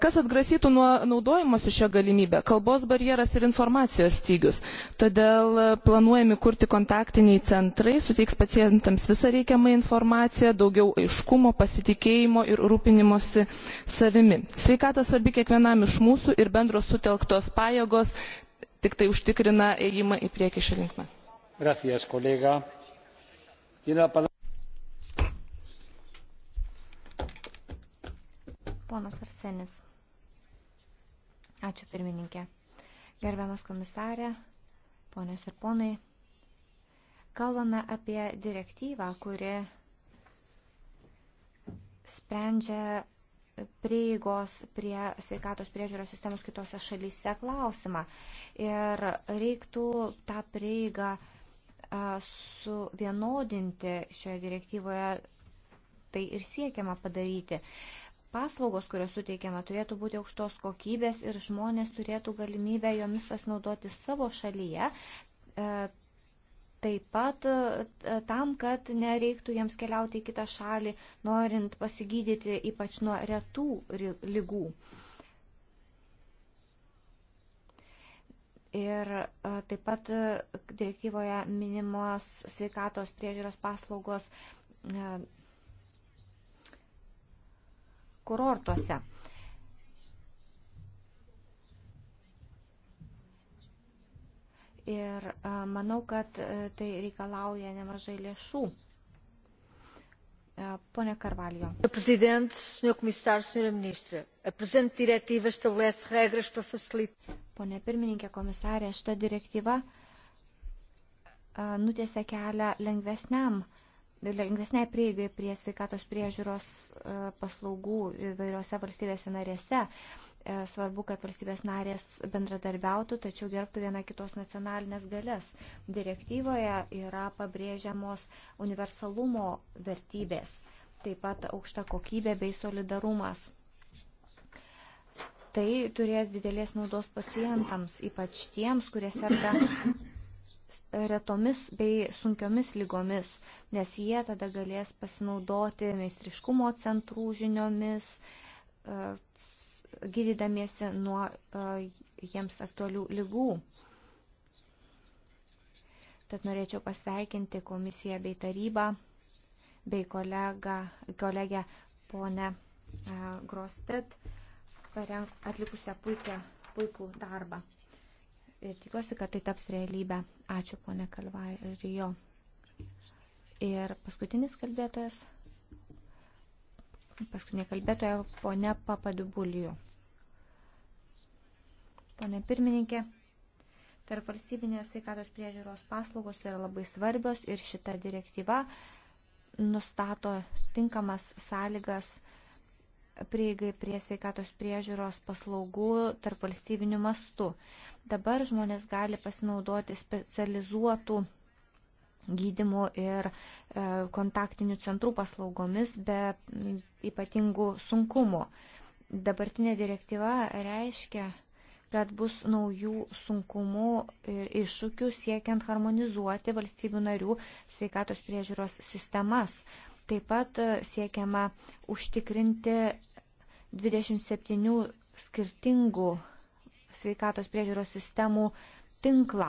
Speaker 7: Kas atgrasytų nuo naudojimuose šią galimybę? Kalbos barjeras ir informacijos stygius. Todėl e, planuojami kurti kontaktiniai centrai, suteiks pacientams visą reikiamą informaciją, daugiau aiškumo, pasitikėjimo ir rūpinimosi savimi. Sveikata svarbi kiekvienam iš mūsų ir bendros sutelktos pajėgos tik tai užtikrina ėjimą į priekį šia linkme.
Speaker 6: Gracias, kolega. Tiene la palabra.
Speaker 5: Ponas Arsenis. Ačiū pirmininkė. Gerbiamas komisarė, ponios ir ponai, kalbame apie direktyvą, kuri sprendžia prieigos prie sveikatos priežiūros sistemos kitose šalyse klausimą. Ir reiktų tą prieigą suvienodinti šioje direktyvoje, tai ir siekiama padaryti paslaugos, kurios suteikiama, turėtų būti aukštos kokybės ir žmonės turėtų galimybę jomis pasinaudoti savo šalyje. E, taip pat e, tam, kad nereiktų jiems keliauti į kitą šalį, norint pasigydyti ypač nuo retų lygų. Ir e, taip pat direktyvoje minimos sveikatos priežiūros paslaugos kurortuose. Ir manau, kad tai reikalauja nemažai lėšų. Pone Carvalho. Sr. Presidente, Sr. Comissário, Sra. Ministra, a presente diretiva estabelece regras para facilitar. Pone pirmininkė, komisarė, šita direktyva nutėse kelią lengvesniam uh, lengvesnei prieigai prie sveikatos priežiūros e, paslaugų įvairiose valstybėse narėse. E, svarbu, kad valstybės narės bendradarbiautų, tačiau gerbtų viena kitos nacionalinės galės. Direktyvoje yra pabrėžiamos universalumo vertybės, taip pat aukšta kokybė bei solidarumas. Tai turės didelės naudos pacientams, ypač tiems, kurie serga retomis bei sunkiomis lygomis, nes jie tada galės pasinaudoti meistriškumo centrų žiniomis, e, gydydamiesi nuo e, jiems aktualių lygų. Tad norėčiau pasveikinti komisiją bei tarybą bei kolegą, kolegę ponę e, Grostet atlikusią puikia, puikų darbą ir tikiuosi, kad tai taps realybę. Ačiū, ponė Kalvarijo. Ir paskutinis kalbėtojas, paskutinė kalbėtoja, ponė Papadubulijų. Pone pirmininkė, tarp valstybinės sveikatos priežiūros paslaugos yra labai svarbios ir šita direktyva nustato tinkamas sąlygas prieigai prie sveikatos priežiūros paslaugų tarp valstybinių mastų. Dabar žmonės gali pasinaudoti specializuotų gydimų ir e, kontaktinių centrų paslaugomis be ypatingų sunkumų. Dabartinė direktyva reiškia, kad bus naujų sunkumų ir iššūkių siekiant harmonizuoti valstybių narių sveikatos priežiūros sistemas, Taip pat e, siekiama užtikrinti 27 skirtingų sveikatos priežiūros sistemų tinklą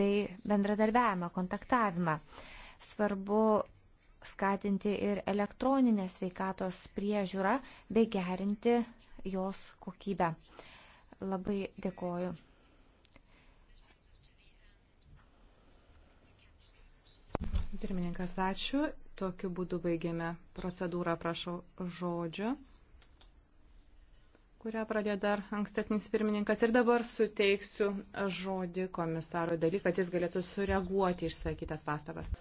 Speaker 5: bei bendradarbiavimą, kontaktavimą. Svarbu skatinti ir elektroninę sveikatos priežiūrą bei gerinti jos kokybę. Labai
Speaker 8: dėkoju. Pirmininkas, ačiū. Tokiu būdu baigiame procedūrą, prašau, žodžio, kurią pradėjo dar ankstesnis pirmininkas. Ir dabar suteiksiu žodį komisaro daly, kad jis galėtų sureaguoti išsakytas pastabas.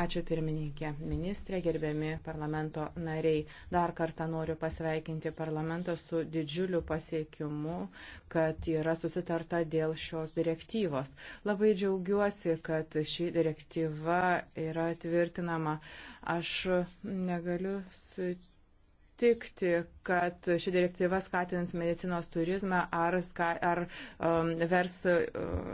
Speaker 8: Ačiū pirmininkė, ministrė, gerbiami parlamento nariai. Dar kartą noriu pasveikinti parlamentą su didžiuliu pasiekimu, kad yra susitarta dėl šios direktyvos. Labai džiaugiuosi, kad ši direktyva yra tvirtinama. Aš negaliu sutikti sutikti, kad ši direktyva skatins medicinos turizmą ar, ska, ar um, vers uh,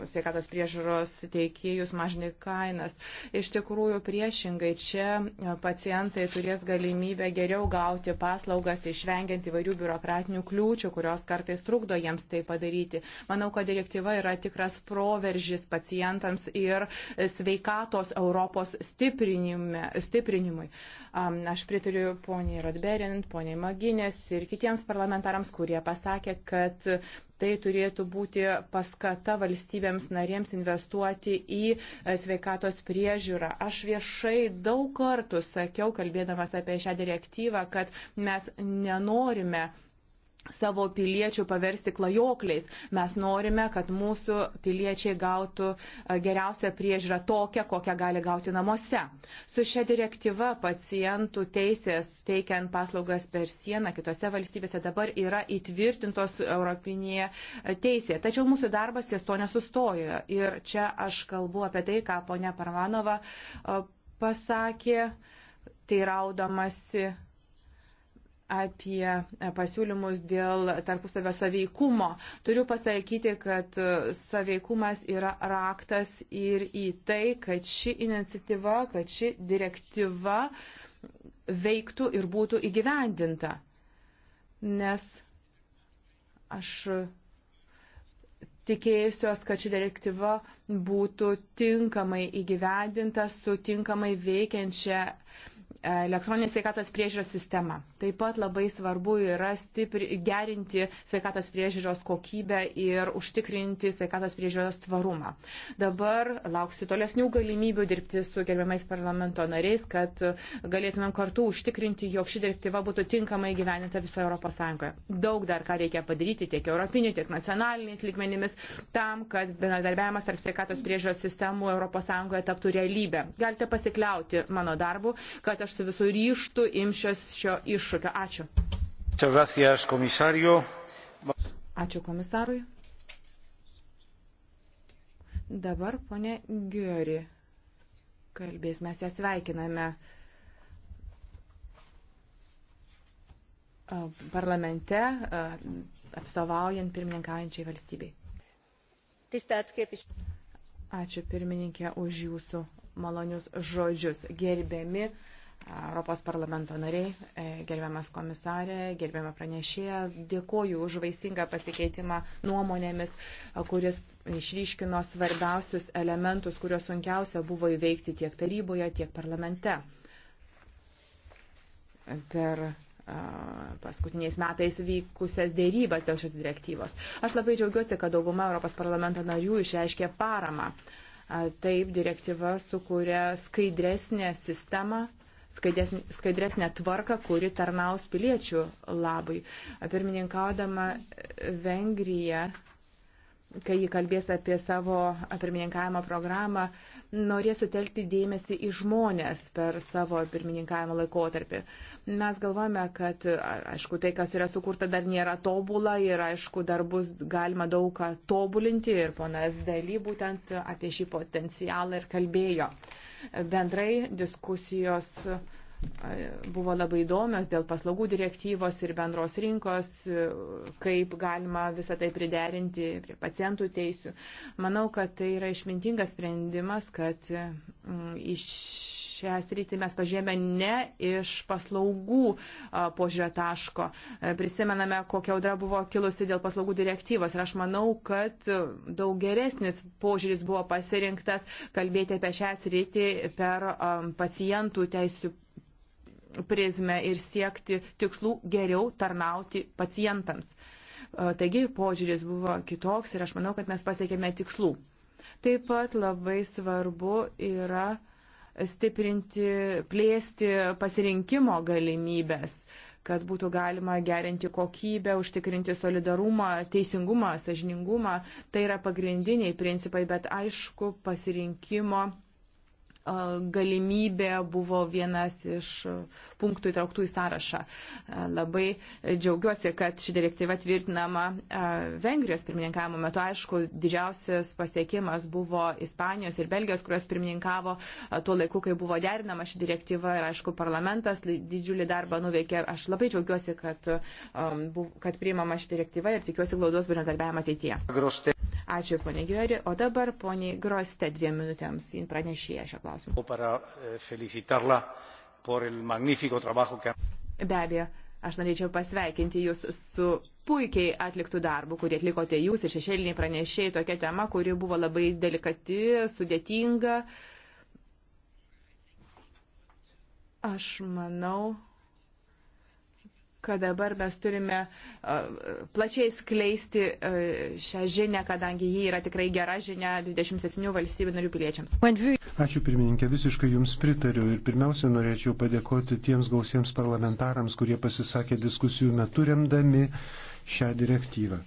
Speaker 8: sveikatos priežiūros teikėjus mažinti kainas. Iš tikrųjų, priešingai, čia uh, pacientai turės galimybę geriau gauti paslaugas, išvengiant įvairių biurokratinių kliūčių, kurios kartais trukdo jiems tai padaryti. Manau, kad direktyva yra tikras proveržis pacientams ir sveikatos Europos stiprinimui. Um, aš pritariu poniai Radberint, poniai poniai Maginės ir kitiems parlamentarams, kurie pasakė, kad tai turėtų būti paskata valstybėms narėms investuoti į e, sveikatos priežiūrą. Aš viešai daug kartų sakiau, kalbėdamas apie šią direktyvą, kad mes nenorime savo piliečių paversti klajokliais. Mes norime, kad mūsų piliečiai gautų e, geriausią priežiūrą tokią, kokią gali gauti namuose. Su šia direktyva pacientų teisės teikiant paslaugas per sieną kitose valstybėse dabar yra įtvirtintos Europinėje e, teisėje. Tačiau mūsų darbas ties to nesustojo. Ir čia aš kalbu apie tai, ką ponia Parvanova e, pasakė, teiraudamasi apie e, pasiūlymus dėl tarpusavio saveikumo. Turiu pasakyti, kad e, saveikumas yra raktas ir į tai, kad ši iniciatyva, kad ši direktyva veiktų ir būtų įgyvendinta. Nes aš tikėjusios, kad ši direktyva būtų tinkamai įgyvendinta su tinkamai veikiančia e, elektroninės sveikatos priežiūros sistema. Taip pat labai svarbu yra stipri, gerinti sveikatos priežiūros kokybę ir užtikrinti sveikatos priežiūros tvarumą. Dabar lauksiu tolesnių galimybių dirbti su gerbiamais parlamento nariais, kad galėtumėm kartu užtikrinti, jog ši direktyva būtų tinkamai gyveninta visoje Europos Sąjungoje. Daug dar ką reikia padaryti tiek europiniu, tiek nacionaliniais lygmenimis tam, kad bendradarbiavimas tarp sveikatos priežiūros sistemų Europos Sąjungoje taptų realybė. Galite pasikliauti mano darbu, kad aš su visų ryštų imšios šio iš iššūkio.
Speaker 6: Ačiū. Ačiū komisarui.
Speaker 8: Dabar ponė Giori kalbės, mes ją sveikiname. parlamente atstovaujant pirmininkaujančiai valstybei. Ačiū pirmininkė už jūsų malonius žodžius. Gerbiami uh, Europos parlamento nariai, e, gerbiamas komisarė, gerbiama pranešėja, dėkoju už vaisingą pasikeitimą nuomonėmis, kuris išryškino svarbiausius elementus, kuriuos sunkiausia buvo įveikti tiek taryboje, tiek parlamente. Per paskutiniais metais vykusias dėrybas dėl šios direktyvos. Aš labai džiaugiuosi, kad dauguma Europos parlamento narių išreiškė paramą. Taip, direktyva sukuria skaidresnę sistemą skaidresnę tvarką, kuri tarnaus piliečių labai. Pirmininkaudama Vengrija, kai ji kalbės apie savo pirmininkavimo programą, norės sutelkti dėmesį į žmonės per savo pirmininkavimo laikotarpį. Mes galvojame, kad, aišku, tai, kas yra sukurta, dar nėra tobula ir, aišku, dar bus galima daug ką tobulinti ir ponas Daly būtent apie šį potencialą ir kalbėjo. Bendrai diskusijos e, buvo labai įdomios dėl paslaugų direktyvos ir bendros rinkos, e, kaip galima visą tai priderinti prie pacientų teisių. Manau, kad tai yra išmintingas sprendimas, kad mm, iš šią sritį mes pažėmė ne iš paslaugų požiūrio taško. E, prisimename, kokia audra buvo kilusi dėl paslaugų direktyvos ir aš manau, kad daug geresnis požiūris buvo pasirinktas kalbėti apie šią sritį per pacientų teisų prizmę ir siekti tikslų geriau tarnauti pacientams. Taigi požiūris buvo kitoks ir aš manau, kad mes pasiekėme tikslų. Taip pat labai svarbu yra uh, stiprinti, plėsti pasirinkimo galimybės, kad būtų galima gerinti kokybę, užtikrinti solidarumą, teisingumą, sažiningumą. Tai yra pagrindiniai principai, bet aišku, pasirinkimo galimybė buvo vienas iš punktų įtrauktų į sąrašą. Labai džiaugiuosi, kad ši direktyva tvirtinama Vengrijos pirmininkavimo metu. Aišku, didžiausias pasiekimas buvo Ispanijos ir Belgijos, kurios pirmininkavo tuo laiku, kai buvo derinama ši direktyva ir, aišku, parlamentas didžiulį darbą nuveikė. Aš labai džiaugiuosi, kad, kad priimama ši direktyva ir tikiuosi glaudos bendradarbiavimą ateityje. Groste. Ačiū, ponė Giori. O dabar, ponė Groste, dviem minutėms pranešėja šią
Speaker 6: klausimą. Eh,
Speaker 8: Be abejo, Aš norėčiau pasveikinti Jūs su puikiai atliktų darbų, kurį atlikote Jūs ir šešėliniai pranešėjai tokia tema, kuri buvo labai delikati, sudėtinga. Aš manau, kad dabar mes turime plačiai skleisti šią žinę, kadangi ji yra tikrai gera žinia 27 valstybių narių piliečiams.
Speaker 1: Ačiū pirmininkė, visiškai Jums pritariu ir pirmiausia norėčiau padėkoti tiems gausiems parlamentarams, kurie pasisakė diskusijų metu remdami šią direktyvą.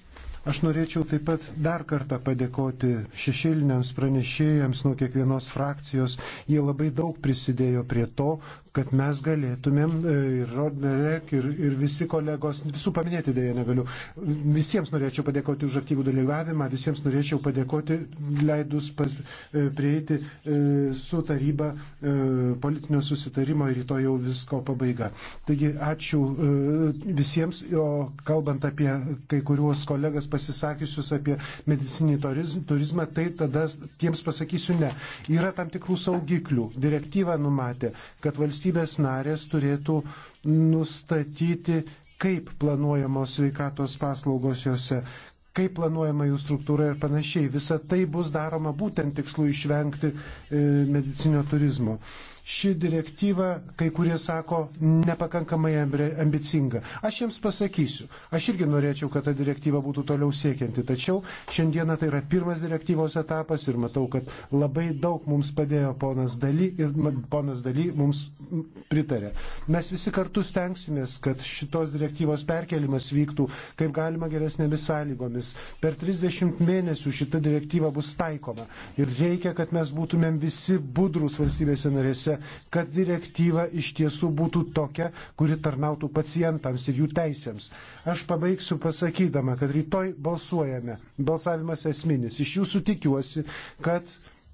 Speaker 1: Aš norėčiau taip pat dar kartą padėkoti šešėliniams pranešėjams nuo kiekvienos frakcijos. Jie labai daug prisidėjo prie to, kad mes galėtumėm e, ir Rodnerek, ir, ir visi kolegos, visų paminėti dėja negaliu, visiems norėčiau padėkoti už aktyvų dalyvavimą, visiems norėčiau padėkoti, leidus pas, e, prieiti e, su taryba politinio susitarimo ir rytoj jau visko pabaiga. Taigi ačiū visiems, o kalbant apie kai kuriuos kolegas pasisakysius apie medicinį turizmą, tai tada tiems pasakysiu ne. Yra tam tikrų saugiklių. Direktyva numatė, kad valstybė valstybės narės turėtų nustatyti, kaip planuojamos sveikatos paslaugos juose, kaip planuojama jų struktūra ir panašiai. Visa tai bus daroma būtent tikslu išvengti e, medicinio turizmo. E, ši direktyva, kai kurie sako, nepakankamai ambicinga. Aš jiems pasakysiu, aš irgi norėčiau, kad ta direktyva būtų toliau siekianti, tačiau šiandieną tai yra pirmas direktyvos etapas ir matau, kad labai daug mums padėjo ponas Daly ir ponas Daly mums pritarė. Mes visi kartu stengsimės, kad šitos direktyvos perkelimas vyktų kaip galima geresnėmis sąlygomis. Per 30 mėnesių šita direktyva bus taikoma ir reikia, kad mes būtumėm visi budrus valstybėse narėse narėse, kad direktyva iš tiesų būtų tokia, kuri tarnautų pacientams ir jų teisėms. Aš pabaigsiu pasakydama, kad rytoj balsuojame. Balsavimas esminis. Iš jūsų tikiuosi, kad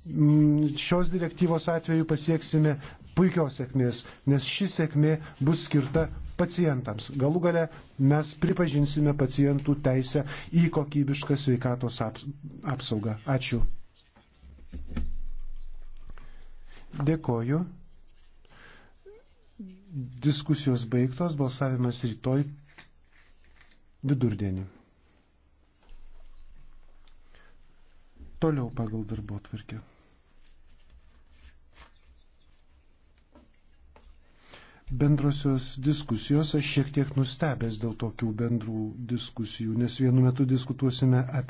Speaker 1: mm, šios direktyvos atveju pasieksime puikios sėkmės, nes ši sėkmė bus skirta pacientams. Galų gale mes pripažinsime pacientų teisę į kokybišką sveikatos apsaugą. Ačiū. Dėkoju. Diskusijos baigtos, balsavimas rytoj vidurdienį. Toliau pagal darbo atvarkę. Bendrosios diskusijos aš šiek tiek nustebęs dėl tokių bendrų diskusijų, nes vienu metu diskutuosime apie